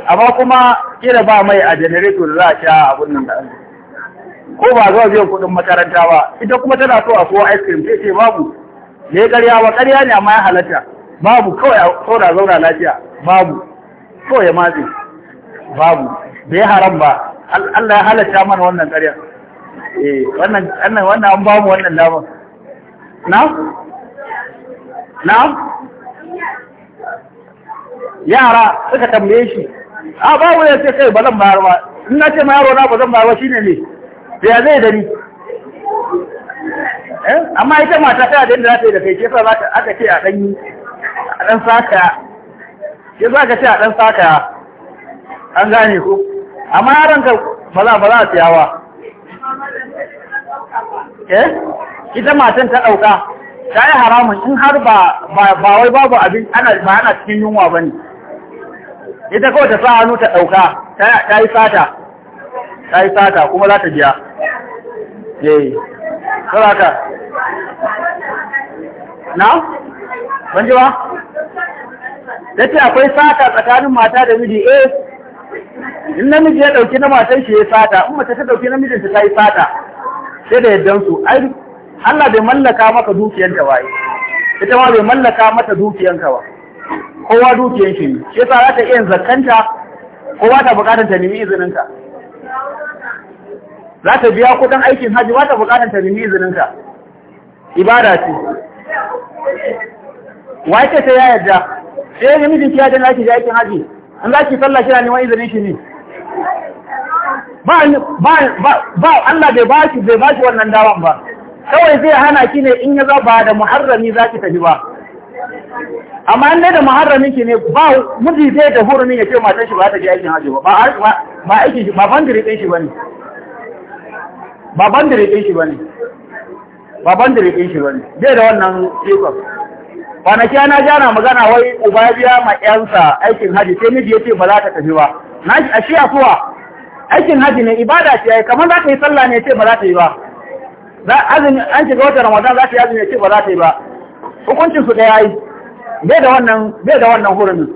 amma kuma kila ba mai a janareto da za a sha abun nan da ko ba zuwa biyan kuɗin makaranta ba ita kuma tana so a kowa ice cream sai ce babu ne karya ba karya ne amma ya halatta babu kawai a saura zauna lafiya babu kawai ya matse babu da ya haram ba Allah ya halatta mana wannan karya eh wannan wannan an bamu wannan damar. na na yara suka tambaye shi a babu ya ce kai ba zan bayar ba in na ce ma yaro na ba zan bayar ba shine ne ya zai dani eh? amma ita mata ta da yadda za ta yi da kai ke sa aka ce a ɗan a ɗan saka ke za ka ce a ɗan saka an gane ku amma yaran ka ba za ba za a siyawa eh ita matan ta ɗauka ta yi haramun in har ba wai babu abin ana ba ana cikin yunwa ba ne ita kawai ta sa hannu ta ɗauka ta yi sata ta yi sata kuma za ta biya yayi eh. saboda na ban ba nace akwai sata tsakanin mata da miji eh in namiji ya dauki na matan shi ya sata in mace ta dauki namijin ta yi sata sai da yaddan su ai Allah bai mallaka maka dukiyanka ba ita ma bai mallaka mata dukiyanka ba kowa dukiyan shi ne shi yasa za ta iya zakanta kowa ta bukatar ta nemi izininka za ta biya kudin aikin hajji ba ta bukatar ta nemi izininka ibada ce wai ce ta ya yarda sai ya mijin ki ya tana ki je aikin hajji an za ki sallah kira neman izinin shi ne ba Allah bai ba ki bai ba ki wannan dawan ba kawai zai hana ki ne in ya za ba da muharrami za ki tafi ba amma an da muharramin ki ne ba miji zai da hurumin ya ce matan shi ba ta je aikin hajji ba ba ba aikin shi ba fandiri shi bane ba da ɗin shi ba ne baban da ɗin shi ba ne zai da wannan ikon kwanaki na jana magana wai uba biya ma aikin haji sai miji ya ce ba za ta tafi ba na a shi afuwa aikin haji ne ibada ce yi. kamar za ta yi sallah ne ce ba za ta yi ba an shiga wata ramadan za ta yi azumi ce ba za ta yi ba hukuncin su ɗaya yi bai da wannan bai da wannan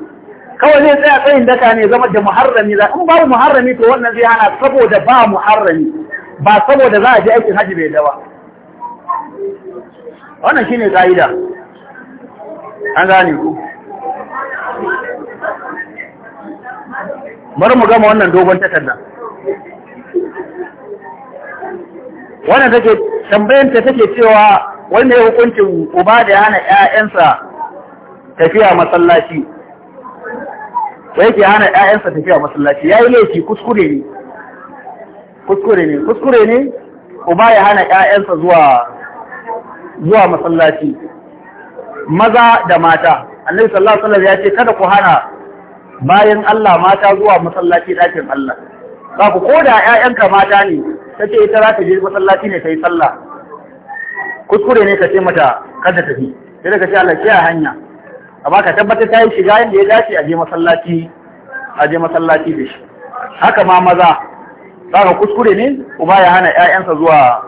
kawai zai tsaya tsayin daka ne zama da muharrami za in babu muharrami to wannan zai hana saboda ba muharrami ba saboda za a ji aikin haji bai dawa wannan shi ne ƙa'ida. an gane ku bari mu gama wannan dogon takarda wannan take tambayanta take cewa wanda ya hukuncin uba da hana ƴaƴansa tafiya masallaci yake hana ‘ya’yansa tafiya masallaci yi laifi kuskure ne kuskure ne kuskure ne uba ya hana ƴaƴansa zuwa zuwa masallaci maza da mata annabi sallallahu alaihi wasallam ya ce kada ku hana bayan Allah mata zuwa masallaci dakin Allah za ku koda ƴaƴanka mata ne tace ita za ta je masallaci ne ta yi sallah kuskure ne ka ce mata kada tafi sai daga ce Allah ke a hanya amma ka tabbatar ta yi shiga yadda ya dace a je masallaci a je masallaci da shi haka ma maza saka kuskure ne uba ya hana ‘ya'yansa zuwa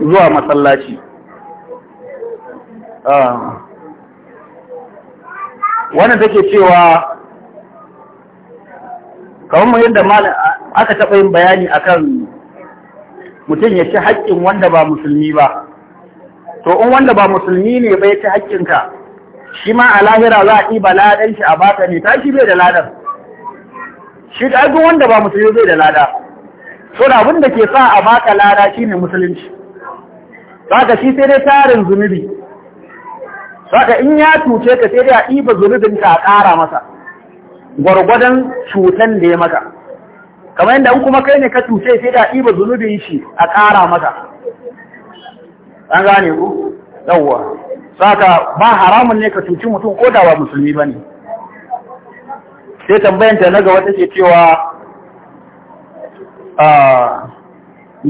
zuwa masallaci ah. wannan take cewa kamar yadda aka taɓa yin bayani akan mutum ya ci haƙƙin wanda ba musulmi ba to in wanda ba musulmi ne bai ci haƙƙinka shi ma a lahira za a ɗiba ladan shi a bata ne ta shi bai da ladan shi ɗagun wanda ba musulmi bai da lada Sura da abin da ke sa a baka lada ne musulunci saka shi sai dai tarin zunubi saka in ya cuce ka sai dai a ɗiba zunubin ka a ƙara masa gwargwadon cutan da ya maka kamar yadda in kuma kai ne ka cuce sai dai a ɗiba zunubin shi a ƙara masa an gane ku yawwa saka ba haramun ne ka cuci mutum ko da ba musulmi ba ne. sai tambayanta na ga wata ke cewa ne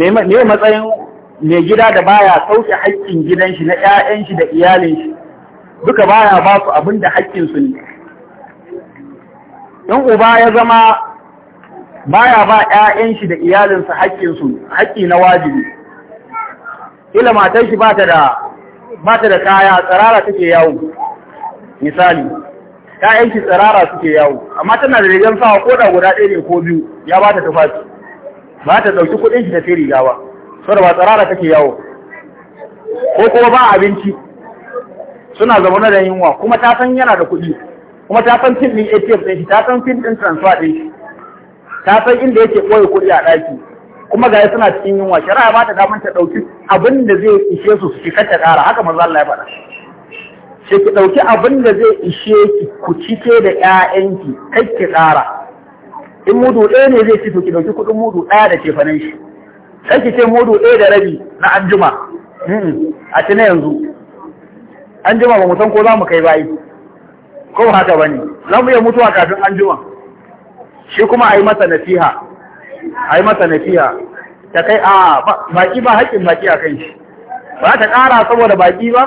ah, matsayin mai gida da baya sauke haƙƙin gidan shi na 'ya'yan shi da iyalin shi duka baya ba su abin da haƙƙin su ne in uba ya zama baya ba 'ya'yan shi da iyalinsa haƙƙin su haƙƙi na wajibi ila matan shi ba da da kaya tsirara suke yawo misali 'ya'yan shi tsirara suke yawo amma tana da rigar sawa ko da guda ɗaya ne ko biyu ya ba ta tufafi ba ta ɗauki kuɗin shi ta sai riga ba saboda ba tsarara take yawo ko kuma ba abinci suna zaune da yunwa kuma ta san yana da kuɗi kuma ta san fim ɗin ATM ɗin shi ta san fim ɗin transfer ɗin shi ta san inda yake ɓoye kuɗi a ɗaki kuma ga suna cikin yunwa shari'a ba ta damar ta ɗauki abin da zai ishe su su kace ƙara haka maza Allah ya faɗa ce ki ɗauki abin da zai ishe ki ku cike da ƴaƴanki kai ki ƙara in mudu ɗaya ne zai fito ki ɗauki kuɗin mudu ɗaya da cefanen shi sai ki ce mudu ɗaya da rabi na anjima a ci na yanzu anjima ba mu san ko za mu kai bayi ko haka ba ne za mu iya mutuwa kafin anjima shi kuma a yi masa nasiha a yi masa nasiha ta kai a baki ba haƙƙin baki a kan shi ba ta ƙara saboda baki ba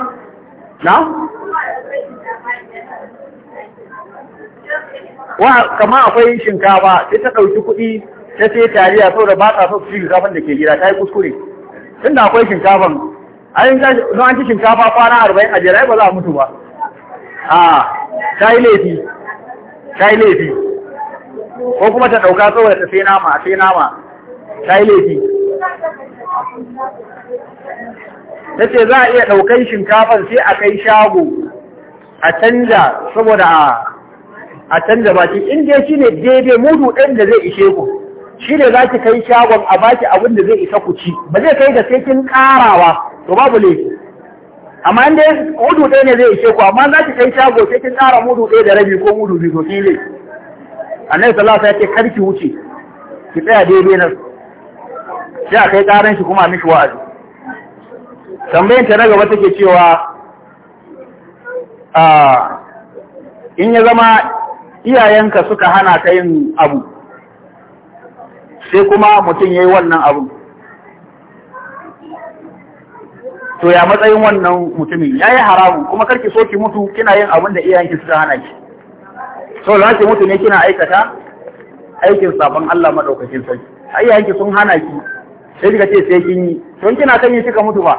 na wa kama akwai shinkafa sai ta ɗauki kuɗi ta sai tariya saboda ba ta so su ci shinkafan da ke gida ta yi kuskure tunda akwai shinkafan an don an ci shinkafa kwana arba'in a jira ba za a mutu ba a ta yi laifi ta yi laifi ko kuma ta ɗauka saboda ta sai nama sai nama ta yi laifi ta ce za a iya ɗaukan shinkafan sai a kai shago a canja saboda a a canza baki in dai shi ne daidai mudu ɗin da zai ishe ku shi ne za ki kai shagon a baki abin da zai isa ku ci ba zai kai da sai kin ƙarawa to babu laifi amma in dai mudu ɗin ne zai ishe ku amma za ki kai shago sai kin ƙara mudu ɗaya da rabi ko mudu biyu to shi ne annabi sallallahu alaihi wasallam ya ce kar ki wuce ki tsaya daidai nan sai a kai ƙaran shi kuma mishi wa'azi tambayin ta na gaba take cewa ah, in ya zama iyayenka suka hana ka yin abu sai kuma mutum ya yi wannan abu to ya matsayin wannan mutumin ya yi haramun kuma karki so ki mutu kina yin abin da iyayenki suka hana ki so za ki mutu ne kina aikata aikin sabon Allah maɗaukakin sarki iyayenki sun hana ki sai kika ce sai kin yi don kina kan yi kika mutu ba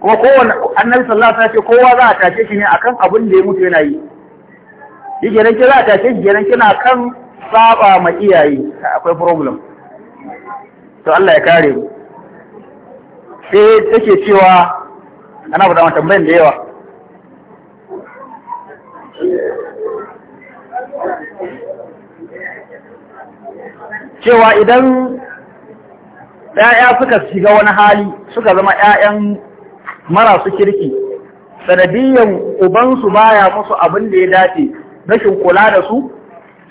kuma kowanne annabi sallallahu alaihi wasallam ya ce kowa za a tashe shi ne akan abin da ya mutu yana yi shi kenan ki za a tashe shi kenan kina kan saba ma iyaye akwai problem to Allah ya kare mu sai take cewa ana faɗa mata tambayan da yawa cewa idan ‘ya'ya suka shiga wani hali suka zama ‘ya'yan marasu kirki, sanadiyyar ubansu baya musu abin da ya dace, rashin kula da su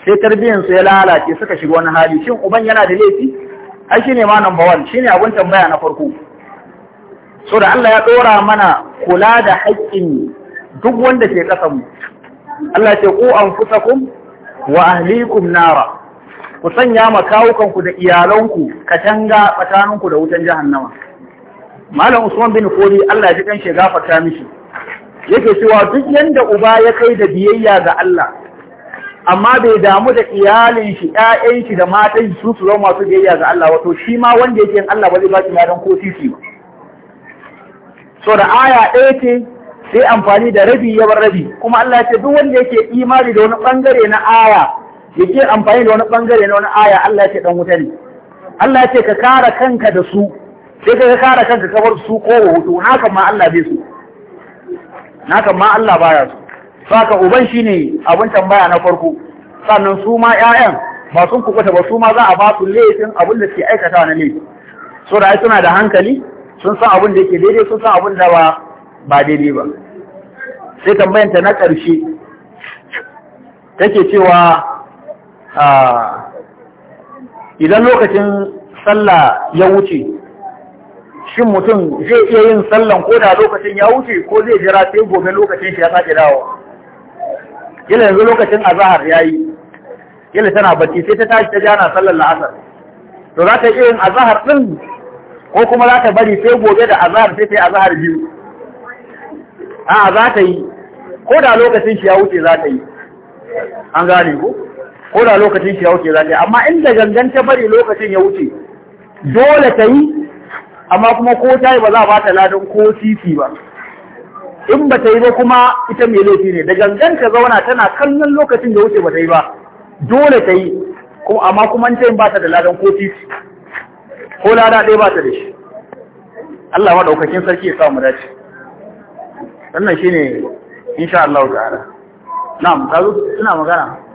sai tarbiyyarsu ya lalace suka shiga wani hali shin uban yana da laifi ai shine ma number one shine abun tambaya na farko so da Allah ya dora mana kula da haƙƙin duk wanda ke kasan mu Allah ce ku anfusakum wa ahlikum nara ku sanya ma ku da iyalanku katanga tsakaninku da wutan jahannama Malam Usman bin Fodi Allah ya ji kan shiga fata mishi yake cewa duk yanda uba ya kai da biyayya ga Allah amma bai damu da iyalin shi ƴaƴan shi da matan shi su zama masu biyayya ga Allah wato shi ma wanda yake yin Allah ba zai baki shi ladan ko titi ba so da aya ɗaya ce sai amfani da rabi ya bar rabi kuma Allah ya ce duk wanda yake imani da wani bangare na aya yake amfani da wani bangare na wani aya Allah ya ce dan wuta ne Allah ya ce ka kare kanka da su sai ka kare kanka ka bar su ko hutu haka ma Allah bai su na kan ma Allah baya su saka uban shine abin tambaya na farko sannan su ma ƴaƴan ba sun kukuta ba su ma za a ba su laifin abin da ke aikata na laifi so da suna da hankali sun san abin da yake daidai sun san abin da ba ba daidai ba sai tambayanta na ƙarshe take cewa ah, idan lokacin sallah ya wuce shin mutum zai iya yin sallan ko da lokacin ya wuce ko zai jira sai gobe lokacin shi ya sake dawo kila yanzu lokacin azahar ya yi kila tana bacci sai ta tashi ta jana sallar la'asar to za ta iya yin azahar ɗin ko kuma za ta bari sai gobe da azahar sai ta yi azahar biyu a za ta yi ko da lokacin shi ya wuce za ta yi an gane ko ko da lokacin shi ya wuce za ta yi amma inda gangan ta bari lokacin ya wuce dole ta yi amma kuma ko ta yi ba za a bata ladan ko titi ba in ba ta yi ba kuma ita mai laifi ne da gangan ta zauna tana kallon lokacin da wuce ba ta yi ba dole ta yi amma kuma ta yi ba ta da ladan ko titi ko lada ɗaya ba ta da shi Allah maɗaukakin sarki ya samu dace wannan shine insha Allah ta'ala na'am ka zo suna magana